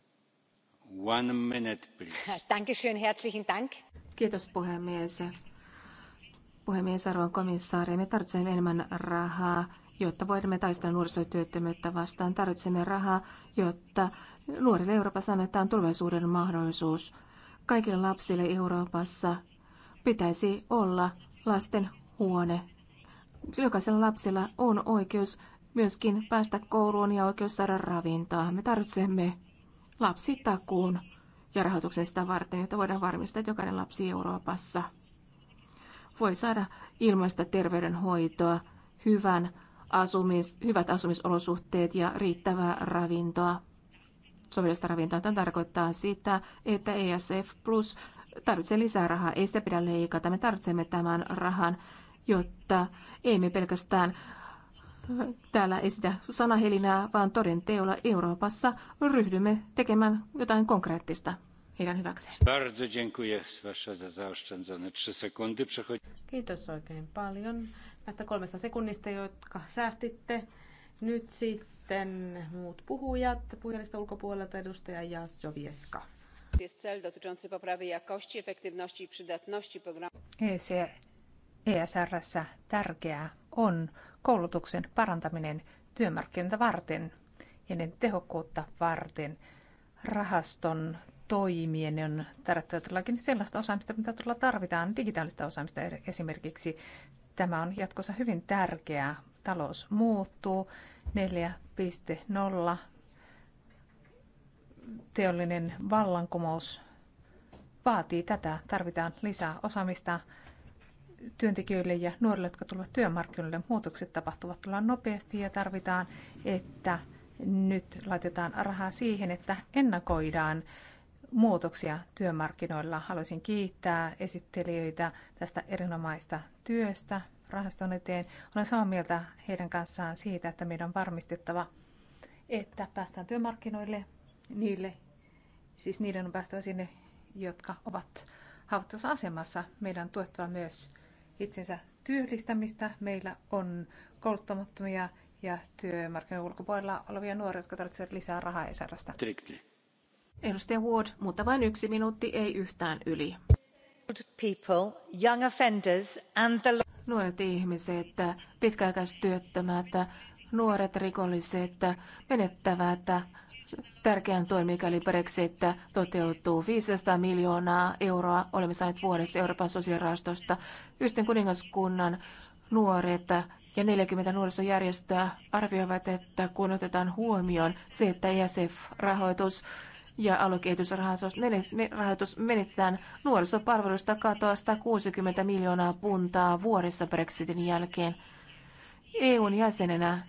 One minute, please. Dankeschön, herzlichen Dank. Kiitos puhemies. Puhemies, arvon komissaari, me tarvitsemme enemmän rahaa Jotta voimme taistella nuorisotyöttömyyttä vastaan, tarvitsemme rahaa, jotta nuorille Euroopassa annetaan tulevaisuuden mahdollisuus. Kaikille lapsille Euroopassa pitäisi olla lasten huone. Jokaisella lapsella on oikeus myöskin päästä kouluun ja oikeus saada ravintoa. Me tarvitsemme lapsitakuun ja rahoituksen sitä varten, jotta voidaan varmistaa, että jokainen lapsi Euroopassa voi saada ilmaista terveydenhoitoa, hyvän asumis, hyvät asumisolosuhteet ja riittävää ravintoa. Sovellista ravintoa Tämä tarkoittaa sitä, että ESF Plus tarvitsee lisää rahaa. Ei sitä pidä leikata. Me tarvitsemme tämän rahan, jotta ei me pelkästään täällä esitä sanahelinää, vaan toden teolla Euroopassa ryhdymme tekemään jotain konkreettista heidän hyväkseen. Kiitos oikein paljon näistä kolmesta sekunnista, jotka säästitte. Nyt sitten muut puhujat, puhujalista ulkopuolelta edustaja Jas Jovieska. ESRS e e tärkeää on koulutuksen parantaminen työmarkkinoita varten ja niiden tehokkuutta varten. Rahaston toimien on tarvittava todellakin sellaista osaamista, mitä tarvitaan, digitaalista osaamista e- esimerkiksi. Tämä on jatkossa hyvin tärkeää. Talous muuttuu 4.0. Teollinen vallankumous vaatii tätä. Tarvitaan lisää osaamista työntekijöille ja nuorille, jotka tulevat työmarkkinoille. Muutokset tapahtuvat tulla nopeasti ja tarvitaan, että nyt laitetaan rahaa siihen, että ennakoidaan muutoksia työmarkkinoilla. Haluaisin kiittää esittelijöitä tästä erinomaista työstä rahaston eteen. Olen samaa mieltä heidän kanssaan siitä, että meidän on varmistettava, että päästään työmarkkinoille niille, siis niiden on päästävä sinne, jotka ovat haavoittuvassa asemassa. Meidän on tuettava myös itsensä työllistämistä. Meillä on kouluttamattomia ja työmarkkinoiden ulkopuolella olevia nuoria, jotka tarvitsevat lisää rahaa ja sairasta. Edustaja Ward, mutta vain yksi minuutti, ei yhtään yli. Nuoret ihmiset, pitkäaikaistyöttömät, nuoret rikolliset menettävät tärkeän tuen, mikäli Brexit toteutuu. 500 miljoonaa euroa olemme saaneet vuodessa Euroopan sosiaalirahastosta. Yhten kuningaskunnan nuoret ja 40 nuorisojärjestöä arvioivat, että kun otetaan huomioon se, että ESF-rahoitus ja aluekehitysrahoitus menetetään nuorisopalveluista katoaa 160 miljoonaa puntaa vuodessa Brexitin jälkeen. EUn jäsenenä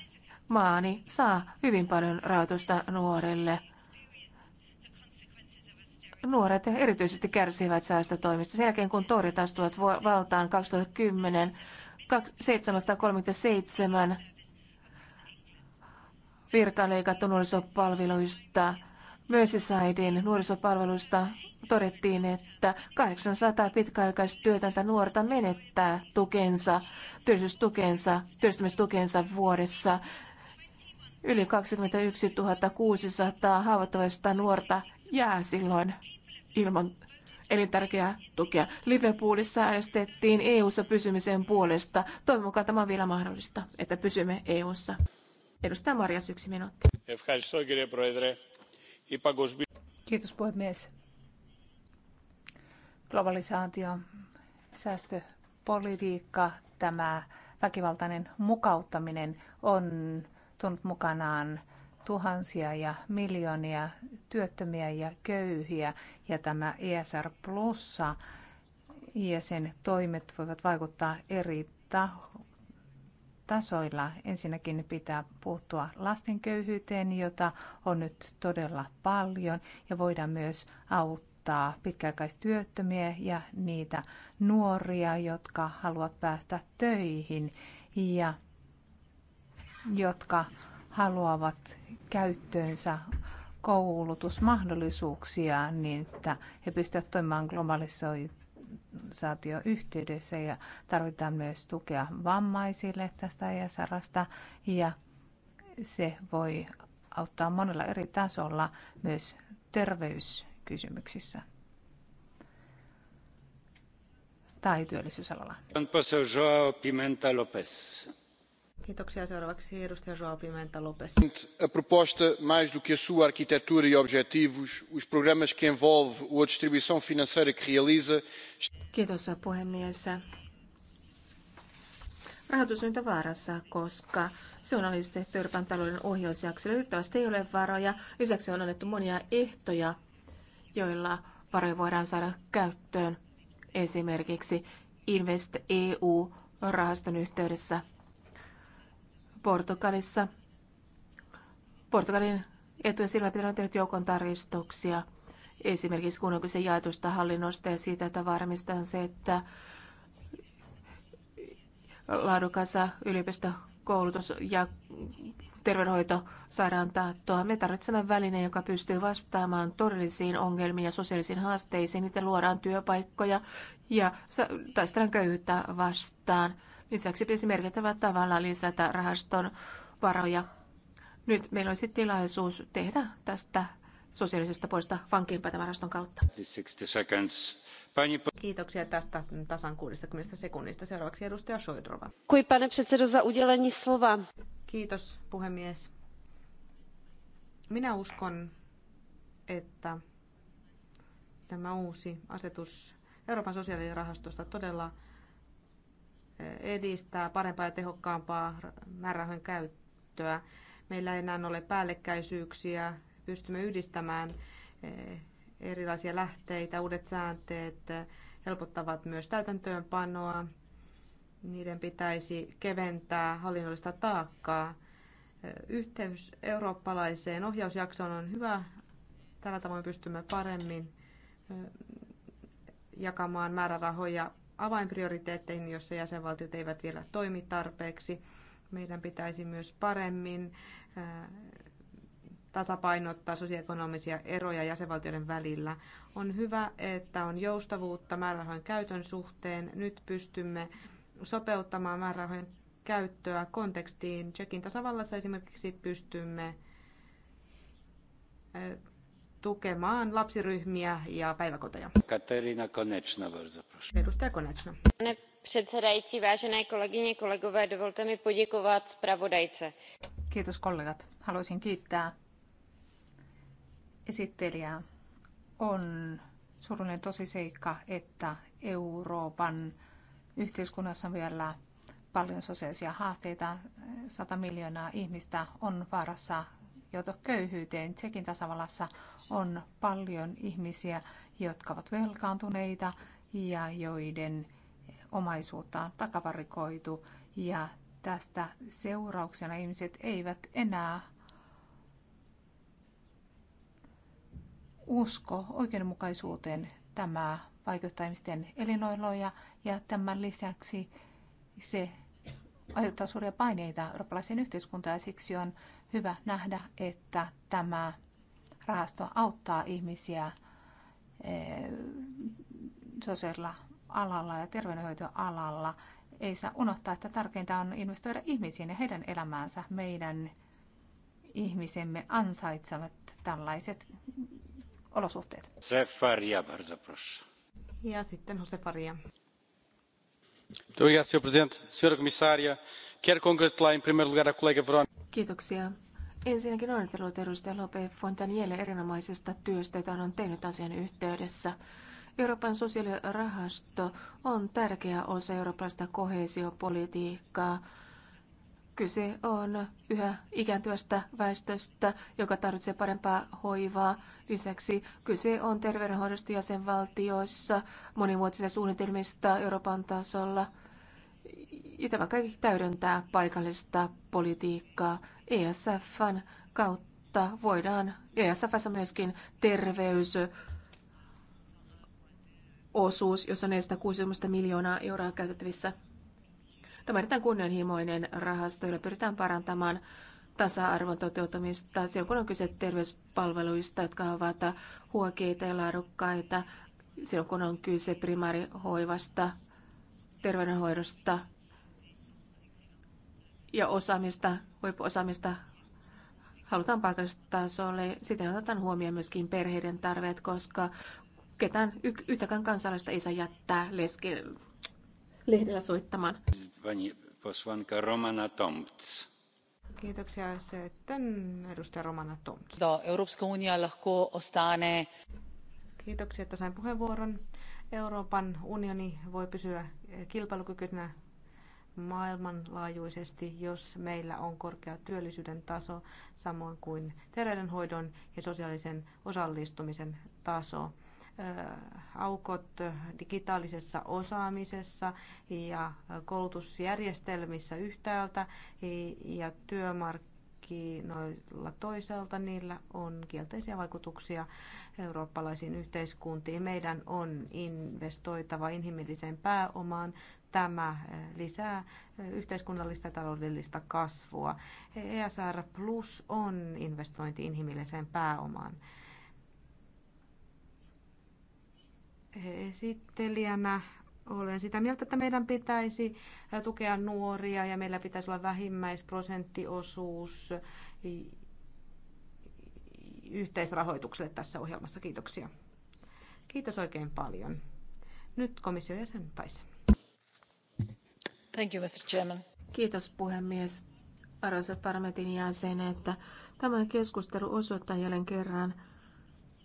maani saa hyvin paljon rahoitusta nuorille. Nuoret erityisesti kärsivät säästötoimista. Sen jälkeen kun torit astuvat valtaan 2010, 737 virkaleikattu nuorisopalveluista – Mörsisaidin nuorisopalveluista todettiin, että 800 pitkäaikaistyötöntä nuorta menettää tukensa, työllisyystukensa, työllistämistukensa vuodessa. Yli 21 600 haavoittuvaista nuorta jää silloin ilman elintärkeää tukea. Liverpoolissa äänestettiin EU-ssa pysymisen puolesta. Toivon mukaan tämä on vielä mahdollista, että pysymme EU-ssa. Edustaja Marjas, yksi minuutti. Kiitos puhemies. Globalisaatio, säästöpolitiikka, tämä väkivaltainen mukauttaminen on tuonut mukanaan tuhansia ja miljoonia työttömiä ja köyhiä ja tämä ESR Plussa ja sen toimet voivat vaikuttaa eri taho, tasoilla. Ensinnäkin pitää puuttua lasten köyhyyteen, jota on nyt todella paljon, ja voidaan myös auttaa pitkäaikaistyöttömiä ja niitä nuoria, jotka haluavat päästä töihin ja jotka haluavat käyttöönsä koulutusmahdollisuuksia niin, että he pystyvät toimimaan globalisoituneessa organisaatioyhteydessä ja tarvitaan myös tukea vammaisille tästä ESRstä ja se voi auttaa monella eri tasolla myös terveyskysymyksissä tai työllisyysalalla. Kiitoksia. Seuraavaksi edustaja Joao Pimenta Lopes. A proposta, mais do que a sua arquitetura e objetivos, os programas que envolve ou a distribuição financeira que realiza... Kiitos puhemies. Rahoitus on vaarassa, koska se on alistettu Euroopan talouden ohjausjaksolle. Riittävästi ei ole varoja. Lisäksi on annettu monia ehtoja, joilla varoja voidaan saada käyttöön. Esimerkiksi Invest EU-rahaston yhteydessä – Portugalissa. Portugalin etuja silmällä on tehnyt joukon tarkistuksia, esimerkiksi kun on kyse jaetusta hallinnosta ja siitä, että varmistetaan se, että laadukas yliopistokoulutus ja terveydenhoito saadaan taattua. Me tarvitsemme välineen, joka pystyy vastaamaan todellisiin ongelmiin ja sosiaalisiin haasteisiin. Niitä luodaan työpaikkoja ja taistellaan köyhyyttä vastaan. Lisäksi pitäisi merkittävällä tavalla lisätä rahaston varoja. Nyt meillä olisi tilaisuus tehdä tästä sosiaalisesta puolesta vankimpaa tämän rahaston kautta. Kiitoksia tästä tasan 60 sekunnista. Seuraavaksi edustaja Soidrova. Kui slova. Kiitos puhemies. Minä uskon, että tämä uusi asetus Euroopan sosiaalirahastosta todella edistää parempaa ja tehokkaampaa määrärahojen käyttöä. Meillä ei enää ole päällekkäisyyksiä, pystymme yhdistämään eh, erilaisia lähteitä, uudet säänteet helpottavat myös täytäntöönpanoa. Niiden pitäisi keventää hallinnollista taakkaa. Eh, yhteys eurooppalaiseen ohjausjaksoon on hyvä. Tällä tavoin pystymme paremmin eh, jakamaan määrärahoja avainprioriteetteihin, joissa jäsenvaltiot eivät vielä toimi tarpeeksi. Meidän pitäisi myös paremmin tasapainottaa sosioekonomisia eroja jäsenvaltioiden välillä. On hyvä, että on joustavuutta määrärahojen käytön suhteen. Nyt pystymme sopeuttamaan määrärahojen käyttöä kontekstiin. Tsekin tasavallassa esimerkiksi pystymme tukemaan lapsiryhmiä ja päiväkoteja. Katerina Konečna, bardzo proszę. Edustaja Konečna. Pane předsedající, vážené kolegyně, kolegové, dovolte mi poděkovat zpravodajce. Kiitos kollegat. Haluaisin kiittää esittelijää. On surullinen tosiseikka, että Euroopan yhteiskunnassa on vielä paljon sosiaalisia haasteita. 100 miljoonaa ihmistä on vaarassa joutua köyhyyteen. Tsekin tasavallassa on paljon ihmisiä, jotka ovat velkaantuneita ja joiden omaisuutta on takavarikoitu ja tästä seurauksena ihmiset eivät enää usko oikeudenmukaisuuteen. Tämä vaikuttaa ihmisten elinoloja ja tämän lisäksi se aiheuttaa suuria paineita eurooppalaiseen yhteiskuntaan ja siksi on hyvä nähdä, että tämä rahasto auttaa ihmisiä eh, sosiaalilla alalla ja terveydenhoitoalalla. Ei saa unohtaa, että tärkeintä on investoida ihmisiin ja heidän elämäänsä. Meidän ihmisemme ansaitsevat tällaiset olosuhteet. Sefaria, ja sitten Jose Faria. Obrigado, Sr. Presidente. Sra. Comissária, quero congratular em primeiro lugar a colega Verónica. Kiitoksia. Ensinnäkin onnittelut edustaja Lope Fontanielle erinomaisesta työstä, jota on tehnyt asian yhteydessä. Euroopan sosiaalirahasto on tärkeä osa eurooppalaista kohesiopolitiikkaa. Kyse on yhä ikääntyvästä väestöstä, joka tarvitsee parempaa hoivaa. Lisäksi kyse on terveydenhoidosta jäsenvaltioissa, monivuotisista suunnitelmista Euroopan tasolla – ja tämä kaikki täydentää paikallista politiikkaa ESFn kautta. Voidaan ESFssä myöskin terveys, osuus, jossa on 460 miljoonaa euroa käytettävissä. Tämä on erittäin kunnianhimoinen rahasto, jolla pyritään parantamaan tasa-arvon toteutumista silloin, kun on kyse terveyspalveluista, jotka ovat huokeita ja laadukkaita, silloin kun on kyse primaarihoivasta, terveydenhoidosta ja osaamista, huippuosaamista halutaan paikallistasolle. Sitten otetaan huomioon myöskin perheiden tarveet, koska ketään yhtäkään kansalaista ei saa jättää leske, lehdellä soittamaan. Posvanka Romana Tomts. Kiitoksia. Sitten edustaja Romana Tomts. Do, Euroopan unia lahko ostane. Kiitoksia, että sain puheenvuoron. Euroopan unioni voi pysyä kilpailukykyisenä maailmanlaajuisesti, jos meillä on korkea työllisyyden taso, samoin kuin terveydenhoidon ja sosiaalisen osallistumisen taso. Aukot digitaalisessa osaamisessa ja koulutusjärjestelmissä yhtäältä ja työmarkkinoilla toisaalta, niillä on kielteisiä vaikutuksia eurooppalaisiin yhteiskuntiin. Meidän on investoitava inhimilliseen pääomaan, tämä eh, lisää eh, yhteiskunnallista ja taloudellista kasvua. ESR Plus on investointi inhimilliseen pääomaan. Esittelijänä olen sitä mieltä, että meidän pitäisi eh, tukea nuoria ja meillä pitäisi olla vähimmäisprosenttiosuus yhteisrahoitukselle tässä ohjelmassa. Kiitoksia. Kiitos oikein paljon. Nyt komission jäsen Taisen. Thank you, Mr. Chairman. Kiitos puhemies. Arvoisat parlamentin jäsenet, tämä keskustelu osoittaa jälleen kerran,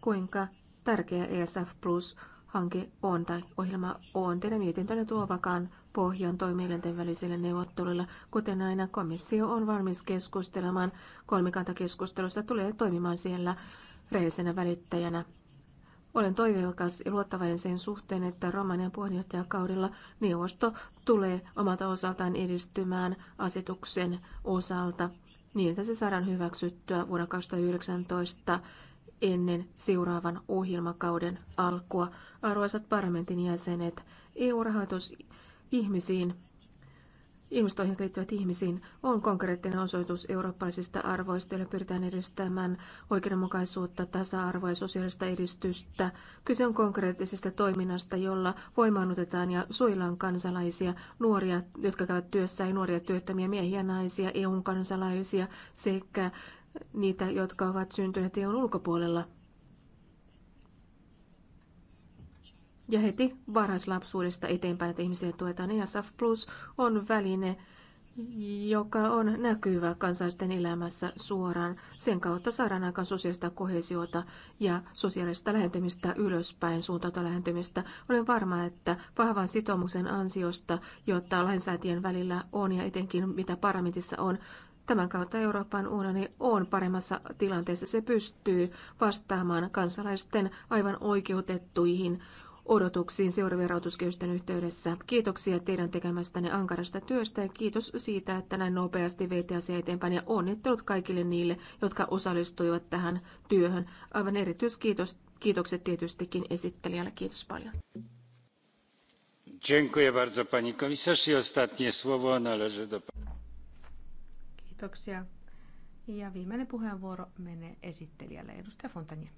kuinka tärkeä ESF Plus hanke on tai ohjelma on. Teidän mietintönne tuo vakaan pohjan toimielinten välisille neuvotteluille. Kuten aina, komissio on valmis keskustelemaan. Kolmikantakeskustelussa tulee toimimaan siellä rehellisenä välittäjänä olen toiveikas ja luottavainen sen suhteen, että Romanian puheenjohtajakaudella neuvosto tulee omalta osaltaan edistymään asetuksen osalta niin, että se saadaan hyväksyttyä vuonna 2019 ennen seuraavan ohjelmakauden alkua. Arvoisat parlamentin jäsenet, EU-rahoitus ihmisiin ilmastoihin liittyvät ihmisiin on konkreettinen osoitus eurooppalaisista arvoista, joilla pyritään edistämään oikeudenmukaisuutta, tasa-arvoa ja sosiaalista edistystä. Kyse on konkreettisesta toiminnasta, jolla voimaannutetaan ja suojellaan kansalaisia, nuoria, jotka käyvät työssä ja nuoria työttömiä miehiä, naisia, EUn kansalaisia sekä niitä, jotka ovat syntyneet EUn ulkopuolella ja heti varhaislapsuudesta eteenpäin, että ihmisiä tuetaan. ESF Plus on väline, joka on näkyvä kansalaisten elämässä suoraan. Sen kautta saadaan aikaan sosiaalista kohesiota ja sosiaalista lähentymistä ylöspäin, suuntautua lähentymistä. Olen varma, että vahvan sitoumuksen ansiosta, jota lainsäätien välillä on ja etenkin mitä parlamentissa on, Tämän kautta Euroopan unioni on paremmassa tilanteessa. Se pystyy vastaamaan kansalaisten aivan oikeutettuihin odotuksiin seuraavien rahoituskehysten yhteydessä. Kiitoksia teidän tekemästänne ankarasta työstä ja kiitos siitä, että näin nopeasti veitte asia eteenpäin ja onnittelut kaikille niille, jotka osallistuivat tähän työhön. Aivan erityiskiitos kiitokset tietystikin esittelijälle. Kiitos paljon. Dziękuję bardzo pani komisarz i ostatnie słowo należy do Kiitoksia. Ja viimeinen puheenvuoro menee esittelijälle, edustaja Fontanier.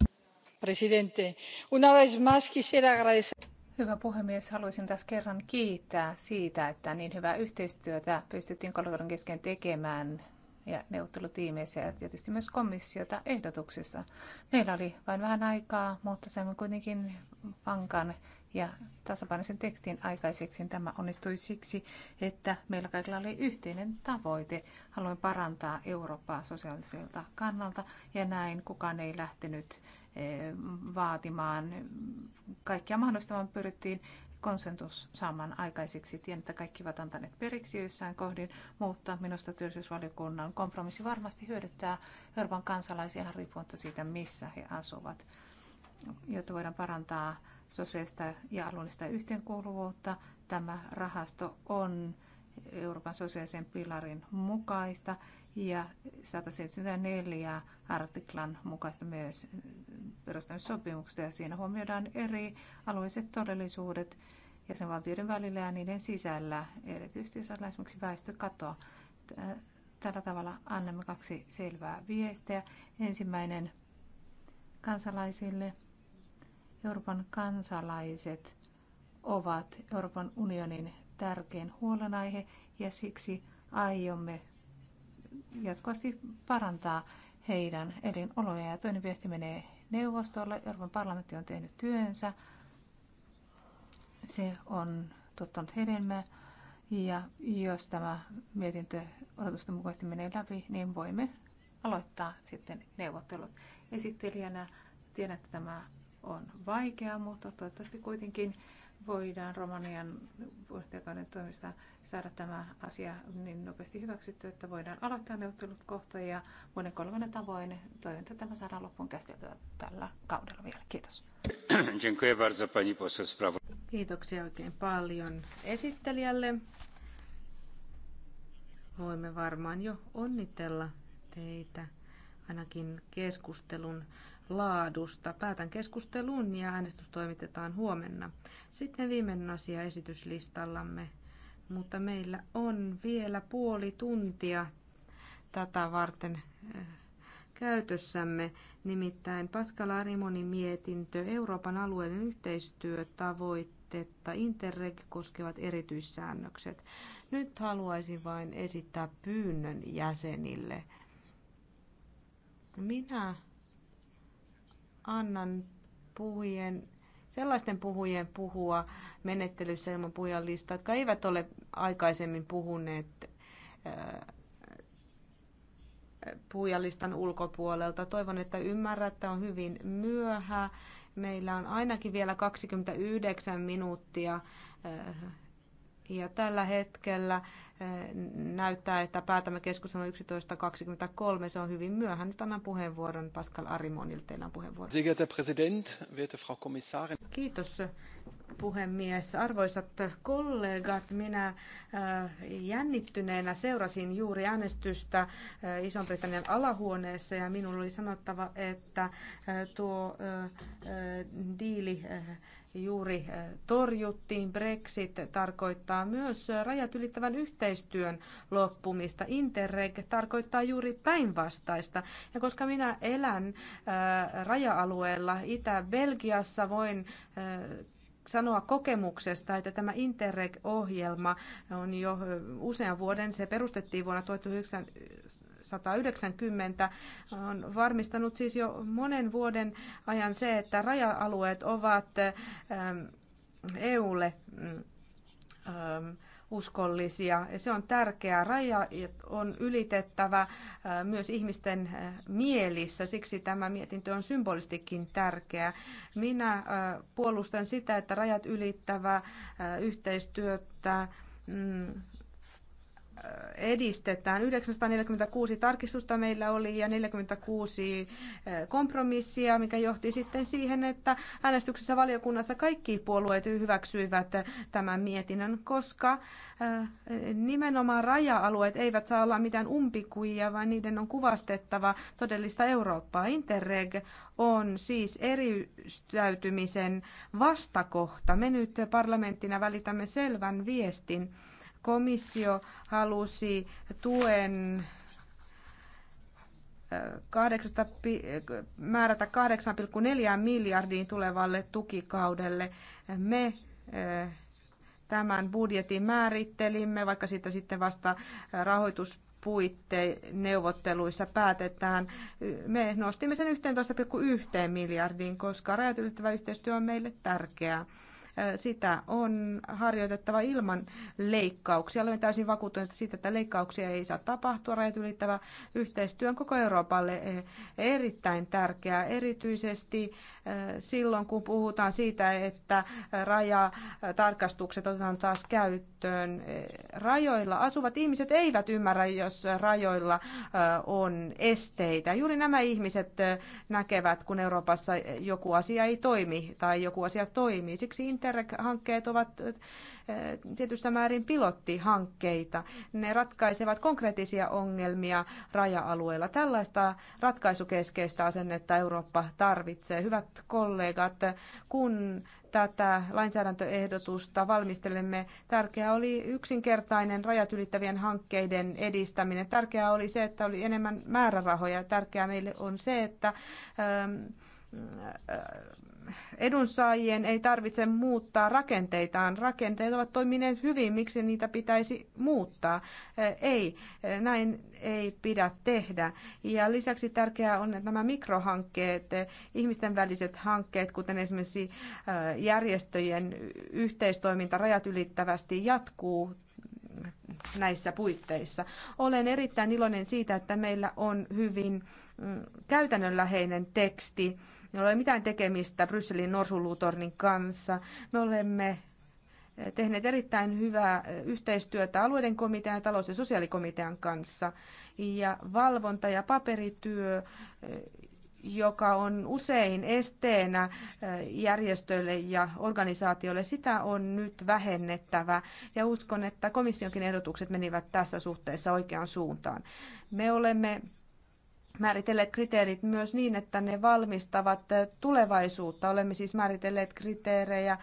Hyvä puhemies, haluaisin taas kerran kiittää siitä, että niin hyvää yhteistyötä pystyttiin kollegoiden kesken tekemään ja neuvottelutiimeissä ja tietysti myös komissiota ehdotuksessa. Meillä oli vain vähän aikaa, mutta saimme kuitenkin vankan ja tasapainoisen tekstin aikaiseksi. Tämä onnistui siksi, että meillä kaikilla oli yhteinen tavoite. Haluamme parantaa Eurooppaa sosiaaliselta kannalta ja näin kukaan ei lähtenyt vaatimaan. Kaikkia mahdollista vaan pyrittiin konsentus saamaan aikaiseksi. Tiedän, että kaikki ovat antaneet periksi joissain kohdin, mutta minusta työllisyysvaliokunnan kompromissi varmasti hyödyttää Euroopan kansalaisia riippumatta siitä, missä he asuvat, jotta voidaan parantaa sosiaalista ja alueellista yhteenkuuluvuutta. Tämä rahasto on Euroopan sosiaalisen pilarin mukaista ja 174 artiklan mukaista myös perustamissopimuksesta ja siinä huomioidaan eri alueiset todellisuudet jäsenvaltioiden välillä ja niiden sisällä, erityisesti jos ajatellaan esimerkiksi väestökatoa. Tällä tavalla annamme kaksi selvää viestiä. Ensimmäinen kansalaisille. Euroopan kansalaiset ovat Euroopan unionin tärkein huolenaihe ja siksi aiomme jatkuvasti parantaa heidän elinoloja. Ja toinen viesti menee neuvostolle. Euroopan parlamentti on tehnyt työnsä. Se on tuottanut hedelmää. Ja jos tämä mietintö odotusten mukaisesti menee läpi, niin voimme aloittaa sitten neuvottelut. Esittelijänä tiedän, että tämä on vaikea, mutta toivottavasti kuitenkin voidaan Romanian puheenjohtajakauden toimesta saada tämä asia niin nopeasti hyväksytty, että voidaan aloittaa neuvottelut kohta ja vuoden kolmannen tavoin toivon, että tämä saadaan loppuun käsiteltyä tällä kaudella vielä. Kiitos. Kiitoksia oikein paljon esittelijälle. Voimme varmaan jo onnitella teitä ainakin keskustelun laadusta. Päätän keskusteluun ja äänestys toimitetaan huomenna. Sitten viimeinen asia esityslistallamme, mutta meillä on vielä puoli tuntia tätä varten eh, käytössämme, nimittäin Pascal Arimonin mietintö Euroopan alueiden yhteistyötavoitetta Interreg koskevat erityissäännökset. Nyt haluaisin vain esittää pyynnön jäsenille. Minä annan puhujien, sellaisten puhujien puhua menettelyssä ilman puhujan listaa, jotka eivät ole aikaisemmin puhuneet äh, puhujalistan ulkopuolelta. Toivon, että ymmärrätte, on hyvin myöhä. Meillä on ainakin vielä 29 minuuttia äh, ja tällä hetkellä eh, näyttää, että päätämme keskustelua 11.23. Se on hyvin myöhään. Nyt annan puheenvuoron Pascal Arimonille. Teillä on puheenvuoro. Kiitos puhemies. Arvoisat kollegat, minä eh, jännittyneenä seurasin juuri äänestystä eh, iso britannian alahuoneessa ja minulla oli sanottava, että tuo diili juuri äh, torjuttiin. Brexit tarkoittaa myös äh, rajat ylittävän yhteistyön loppumista. Interreg tarkoittaa juuri päinvastaista. Ja koska minä elän äh, raja-alueella Itä-Belgiassa, voin sanoa kokemuksesta, että tämä Interreg-ohjelma on jo usean vuoden, se perustettiin vuonna 190 on varmistanut siis jo monen vuoden ajan se, että raja-alueet ovat ähm, EUlle mm, ähm, uskollisia. Ja se on tärkeää. Raja on ylitettävä äh, myös ihmisten äh, mielissä, siksi tämä mietintö on symbolistikin tärkeä. Minä äh, puolustan sitä, että rajat ylittävä yhteistyötä mm, edistetään. 946 tarkistusta meillä oli ja 46 eh, kompromissia, mikä johti sitten siihen, että äänestyksessä valiokunnassa kaikki puolueet hyväksyivät eh, tämän mietinnön, koska eh, nimenomaan raja-alueet eivät saa olla mitään umpikuja, vaan niiden on kuvastettava todellista Eurooppaa. Interreg on siis eristäytymisen vastakohta. Me nyt parlamenttina välitämme selvän viestin komissio halusi tuen 8, määrätä 8,4 miljardiin tulevalle tukikaudelle. Me tämän budjetin määrittelimme, vaikka siitä sitten vasta rahoitus neuvotteluissa päätetään. Me nostimme sen 11,1 miljardiin, koska rajat ylittävä yhteistyö on meille tärkeää sitä on harjoitettava ilman leikkauksia. Olemme täysin vakuuttuneita siitä, että leikkauksia ei saa tapahtua. Rajat ylittävä yhteistyö on koko Euroopalle erittäin tärkeää, erityisesti silloin, kun puhutaan siitä, että rajatarkastukset otetaan taas käyttöön. Rajoilla asuvat ihmiset eivät ymmärrä, jos rajoilla on esteitä. Juuri nämä ihmiset näkevät, kun Euroopassa joku asia ei toimi tai joku asia toimii. Siksi Interreg-hankkeet ovat tietyssä määrin pilottihankkeita. Ne ratkaisevat konkreettisia ongelmia raja-alueilla. Tällaista ratkaisukeskeistä asennetta Eurooppa tarvitsee. Hyvät kollegat, kun tätä lainsäädäntöehdotusta valmistelemme. Tärkeää oli yksinkertainen rajat ylittävien hankkeiden edistäminen. Tärkeää oli se, että oli enemmän määrärahoja. Tärkeää meille on se, että edunsaajien ei tarvitse muuttaa rakenteitaan. Rakenteet ovat toimineet hyvin, miksi niitä pitäisi muuttaa? Ei, näin ei pidä tehdä. Ja lisäksi tärkeää on, että nämä mikrohankkeet, ihmisten väliset hankkeet, kuten esimerkiksi äh, järjestöjen yhteistoiminta rajat ylittävästi jatkuu näissä puitteissa. Olen erittäin iloinen siitä, että meillä on hyvin Mm, käytännönläheinen teksti. Ei ole mitään tekemistä Brysselin norsuluutornin kanssa. Me olemme eh, tehneet erittäin hyvää eh, yhteistyötä alueiden komitean, talous- ja sosiaalikomitean kanssa. Ja valvonta ja paperityö, eh, joka on usein esteenä järjestöille ja organisaatioille, sitä on nyt vähennettävä. Ja uskon, että komissionkin ehdotukset menivät tässä suhteessa oikeaan suuntaan. Me olemme määritelleet kriteerit myös niin, että ne valmistavat tulevaisuutta. Olemme siis määritelleet kriteerejä,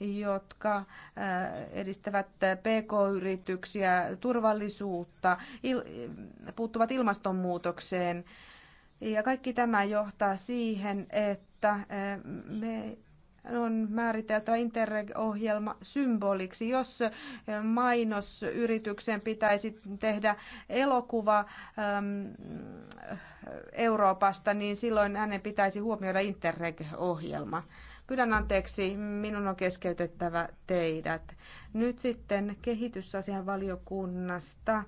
jotka äh, edistävät pk-yrityksiä, turvallisuutta, il- puuttuvat ilmastonmuutokseen. Ja kaikki tämä johtaa siihen, että äh, me on määriteltävä Interreg-ohjelma symboliksi. Jos mainosyrityksen pitäisi tehdä elokuva Euroopasta, niin silloin hänen pitäisi huomioida Interreg-ohjelma. Pyydän anteeksi, minun on keskeytettävä teidät. Nyt sitten kehitysasian valiokunnasta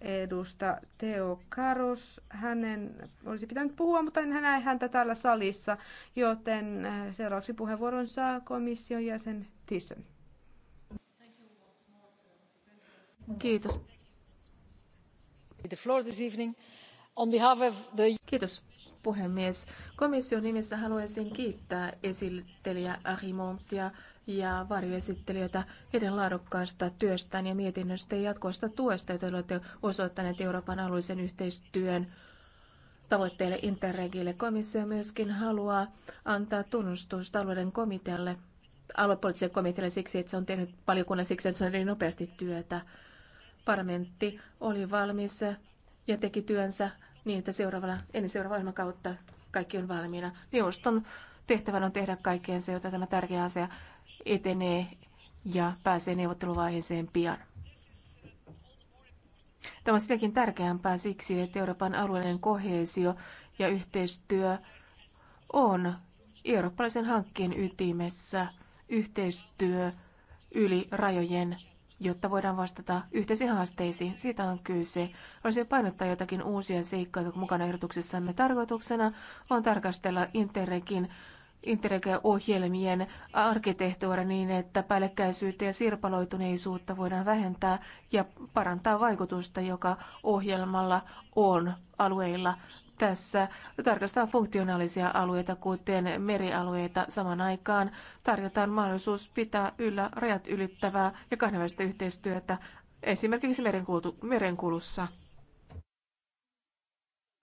edusta Teo Karos. Hänen olisi pitänyt puhua, mutta en näe häntä täällä salissa, joten äh, seuraavaksi puheenvuoron saa komission jäsen Thyssen. Kiitos. The floor this evening. On behalf of the... Kiitos puhemies. Komission nimessä haluaisin kiittää esittelijä Arimontia ja varjoesittelijöitä heidän laadukkaasta työstään ja mietinnöstä ja jatkuvasta tuesta, jota olette osoittaneet Euroopan alueellisen yhteistyön tavoitteille Interregille. Komissio myöskin haluaa antaa tunnustusta alueiden komitealle, aluepoliittiselle komitealle siksi, että se on tehnyt valiokunnan siksi, että se on nopeasti työtä. Parlamentti oli valmis ja teki työnsä niin, että seuraavalla, ennen seuraavaa kautta kaikki on valmiina. Neuvoston tehtävän on tehdä kaikkeen se, jota tämä tärkeä asia etenee ja pääsee neuvotteluvaiheeseen pian. Tämä on sitäkin tärkeämpää siksi, että Euroopan alueellinen kohesio ja yhteistyö on eurooppalaisen hankkeen ytimessä yhteistyö yli rajojen, jotta voidaan vastata yhteisiin haasteisiin. Siitä on kyse. Olisi painottaa jotakin uusia seikkoja mukana ehdotuksessamme. Tarkoituksena on tarkastella Interregin Interreg-ohjelmien arkkitehtuuri niin, että päällekkäisyyttä ja sirpaloituneisuutta voidaan vähentää ja parantaa vaikutusta, joka ohjelmalla on alueilla. Tässä tarkastetaan funktionaalisia alueita, kuten merialueita. Saman aikaan tarjotaan mahdollisuus pitää yllä rajat ylittävää ja kahdenvälistä yhteistyötä esimerkiksi merenkulussa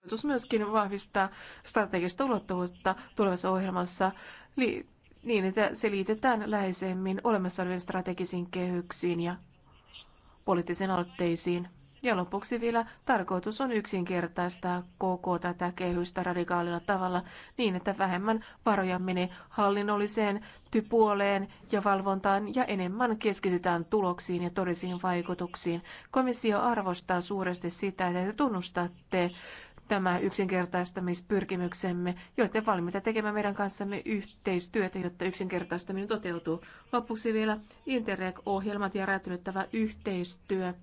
tarkoitus myöskin vahvistaa strategista ulottuvuutta tulevassa ohjelmassa niin, että se liitetään läheisemmin olemassa olevien strategisiin kehyksiin ja poliittisiin aloitteisiin. Ja lopuksi vielä tarkoitus on yksinkertaistaa koko tätä kehystä radikaalilla tavalla niin, että vähemmän varoja menee hallinnolliseen typuoleen ja valvontaan ja enemmän keskitytään tuloksiin ja todellisiin vaikutuksiin. Komissio arvostaa suuresti sitä, että te tunnustatte tämä yksinkertaistamispyrkimyksemme, joiden valmiita tekemään meidän kanssamme yhteistyötä, jotta yksinkertaistaminen toteutuu. Lopuksi vielä Interreg-ohjelmat ja räätälöittävä yhteistyö.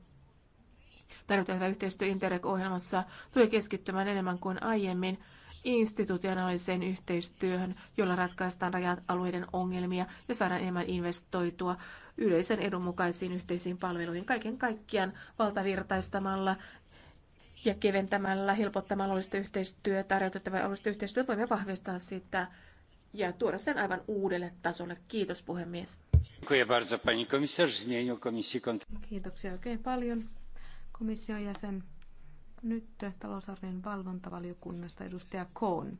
Tarvittava yhteistyö Interreg-ohjelmassa tulee keskittymään enemmän kuin aiemmin institutionaaliseen yhteistyöhön, jolla ratkaistaan rajat alueiden ongelmia ja saadaan enemmän investoitua yleisen edun mukaisiin yhteisiin palveluihin. Kaiken kaikkiaan valtavirtaistamalla ja keventämällä, helpottamalla alueellista yhteistyötä, tarjotettavaa alueellista yhteistyötä, voimme vahvistaa sitä ja tuoda sen aivan uudelle tasolle. Kiitos puhemies. Kiitoksia oikein paljon komission jäsen. Nyt talousarvion valvontavaliokunnasta edustaja Koon.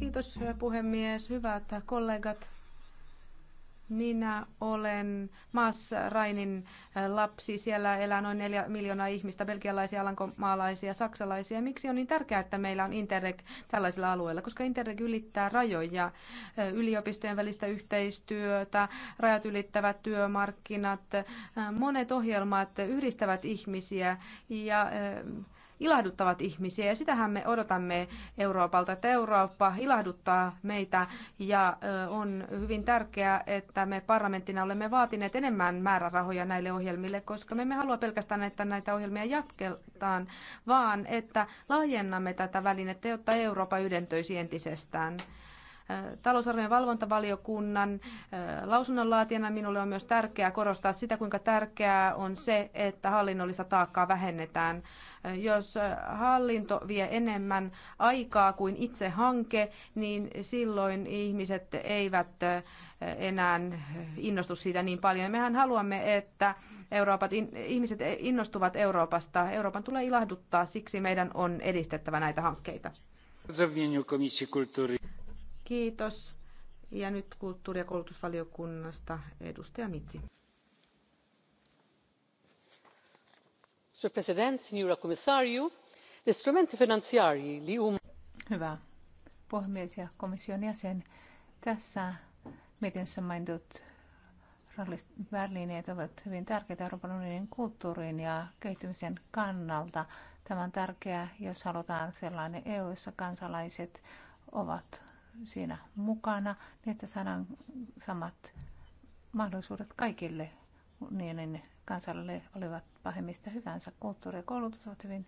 Kiitos puhemies, hyvät kollegat. Minä olen Maas Rainin äh, lapsi. Siellä elää noin neljä miljoonaa ihmistä, belgialaisia, alankomaalaisia, saksalaisia. Miksi on niin tärkeää, että meillä on Interreg tällaisilla alueilla? Koska Interreg ylittää rajoja, äh, yliopistojen välistä yhteistyötä, rajat ylittävät työmarkkinat. Äh, monet ohjelmat yhdistävät ihmisiä ja ilahduttavat ihmisiä ja sitähän me odotamme Euroopalta, että Eurooppa ilahduttaa meitä ja on hyvin tärkeää, että me parlamenttina olemme vaatineet enemmän määrärahoja näille ohjelmille, koska me emme halua pelkästään, että näitä ohjelmia jatketaan, vaan että laajennamme tätä välinettä, jotta Eurooppa yhdentöisi entisestään Talousarvojen valvontavaliokunnan lausunnonlaatijana minulle on myös tärkeää korostaa sitä, kuinka tärkeää on se, että hallinnollista taakkaa vähennetään. Jos hallinto vie enemmän aikaa kuin itse hanke, niin silloin ihmiset eivät eh, enää innostu siitä niin paljon. Mehän haluamme, että Euroopat, ihmiset innostuvat Euroopasta. Euroopan tulee ilahduttaa, siksi meidän on edistettävä näitä hankkeita. Kiitos. Ja nyt kulttuuri- ja koulutusvaliokunnasta edustaja Mitsi. Sur President, Signora Komissarju, l-istrumenti finanzjarji li huma. Hyvä puhemies ja komission jäsen. Tässä mietinnössä mainitut välineet ovat hyvin tärkeitä Euroopan unionin kulttuurin ja kehittymisen kannalta. Tämä on tärkeää, jos halutaan sellainen EU, jossa kansalaiset ovat siinä mukana, niin että saadaan samat mahdollisuudet kaikille unionin niin kansalle olivat pahemmista hyvänsä. Kulttuuri ja koulutus ovat hyvin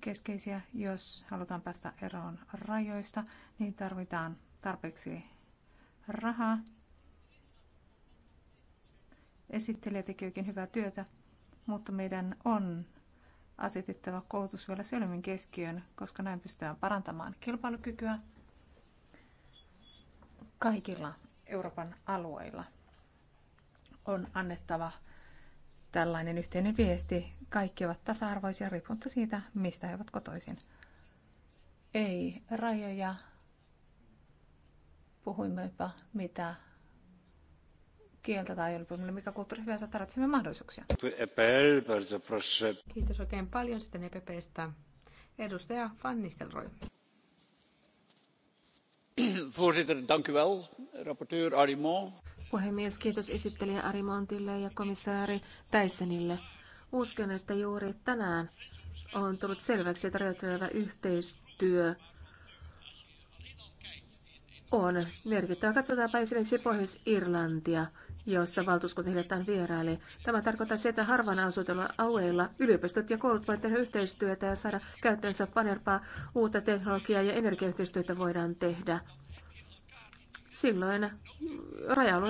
keskeisiä. Jos halutaan päästä eroon rajoista, niin tarvitaan tarpeeksi rahaa. Esittelijä teki hyvää työtä, mutta meidän on asetettava koulutus vielä selvemmin keskiöön, koska näin pystytään parantamaan kilpailukykyä kaikilla Euroopan alueilla on annettava tällainen yhteinen viesti. Kaikki ovat tasa-arvoisia riippumatta siitä, mistä he ovat kotoisin. Ei rajoja. Puhuimmepa mitä kieltä tai olipa mikä kulttuuri hyvänsä tarvitsemme mahdollisuuksia. E Kiitos oikein paljon sitten EPPstä. Edustaja Van Nistelrooy. Voorzitter, dank u wel. Rapporteur Arimont. Puhemies, kiitos esittelijä Ari Montille ja komissaari Täisenille. Uskon, että juuri tänään on tullut selväksi, että rajoittava yhteistyö on merkittävä. Katsotaanpa esimerkiksi Pohjois-Irlantia, jossa valtuuskunta hiljattain vieraili. Tämä tarkoittaa sitä, että harvaan asutuilla alueilla yliopistot ja koulut voivat tehdä yhteistyötä ja saada käyttöönsä panerpaa uutta teknologiaa ja energiayhteistyötä voidaan tehdä silloin raja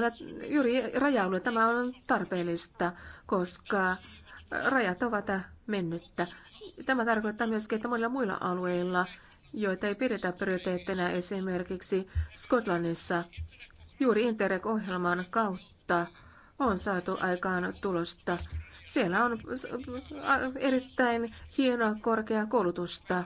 juuri raja tämä on tarpeellista, koska rajat ovat mennyttä. Tämä tarkoittaa myöskin, että monilla muilla alueilla, joita ei pidetä prioriteettina esimerkiksi Skotlannissa, juuri Interreg-ohjelman kautta on saatu aikaan tulosta. Siellä on erittäin hienoa korkeaa koulutusta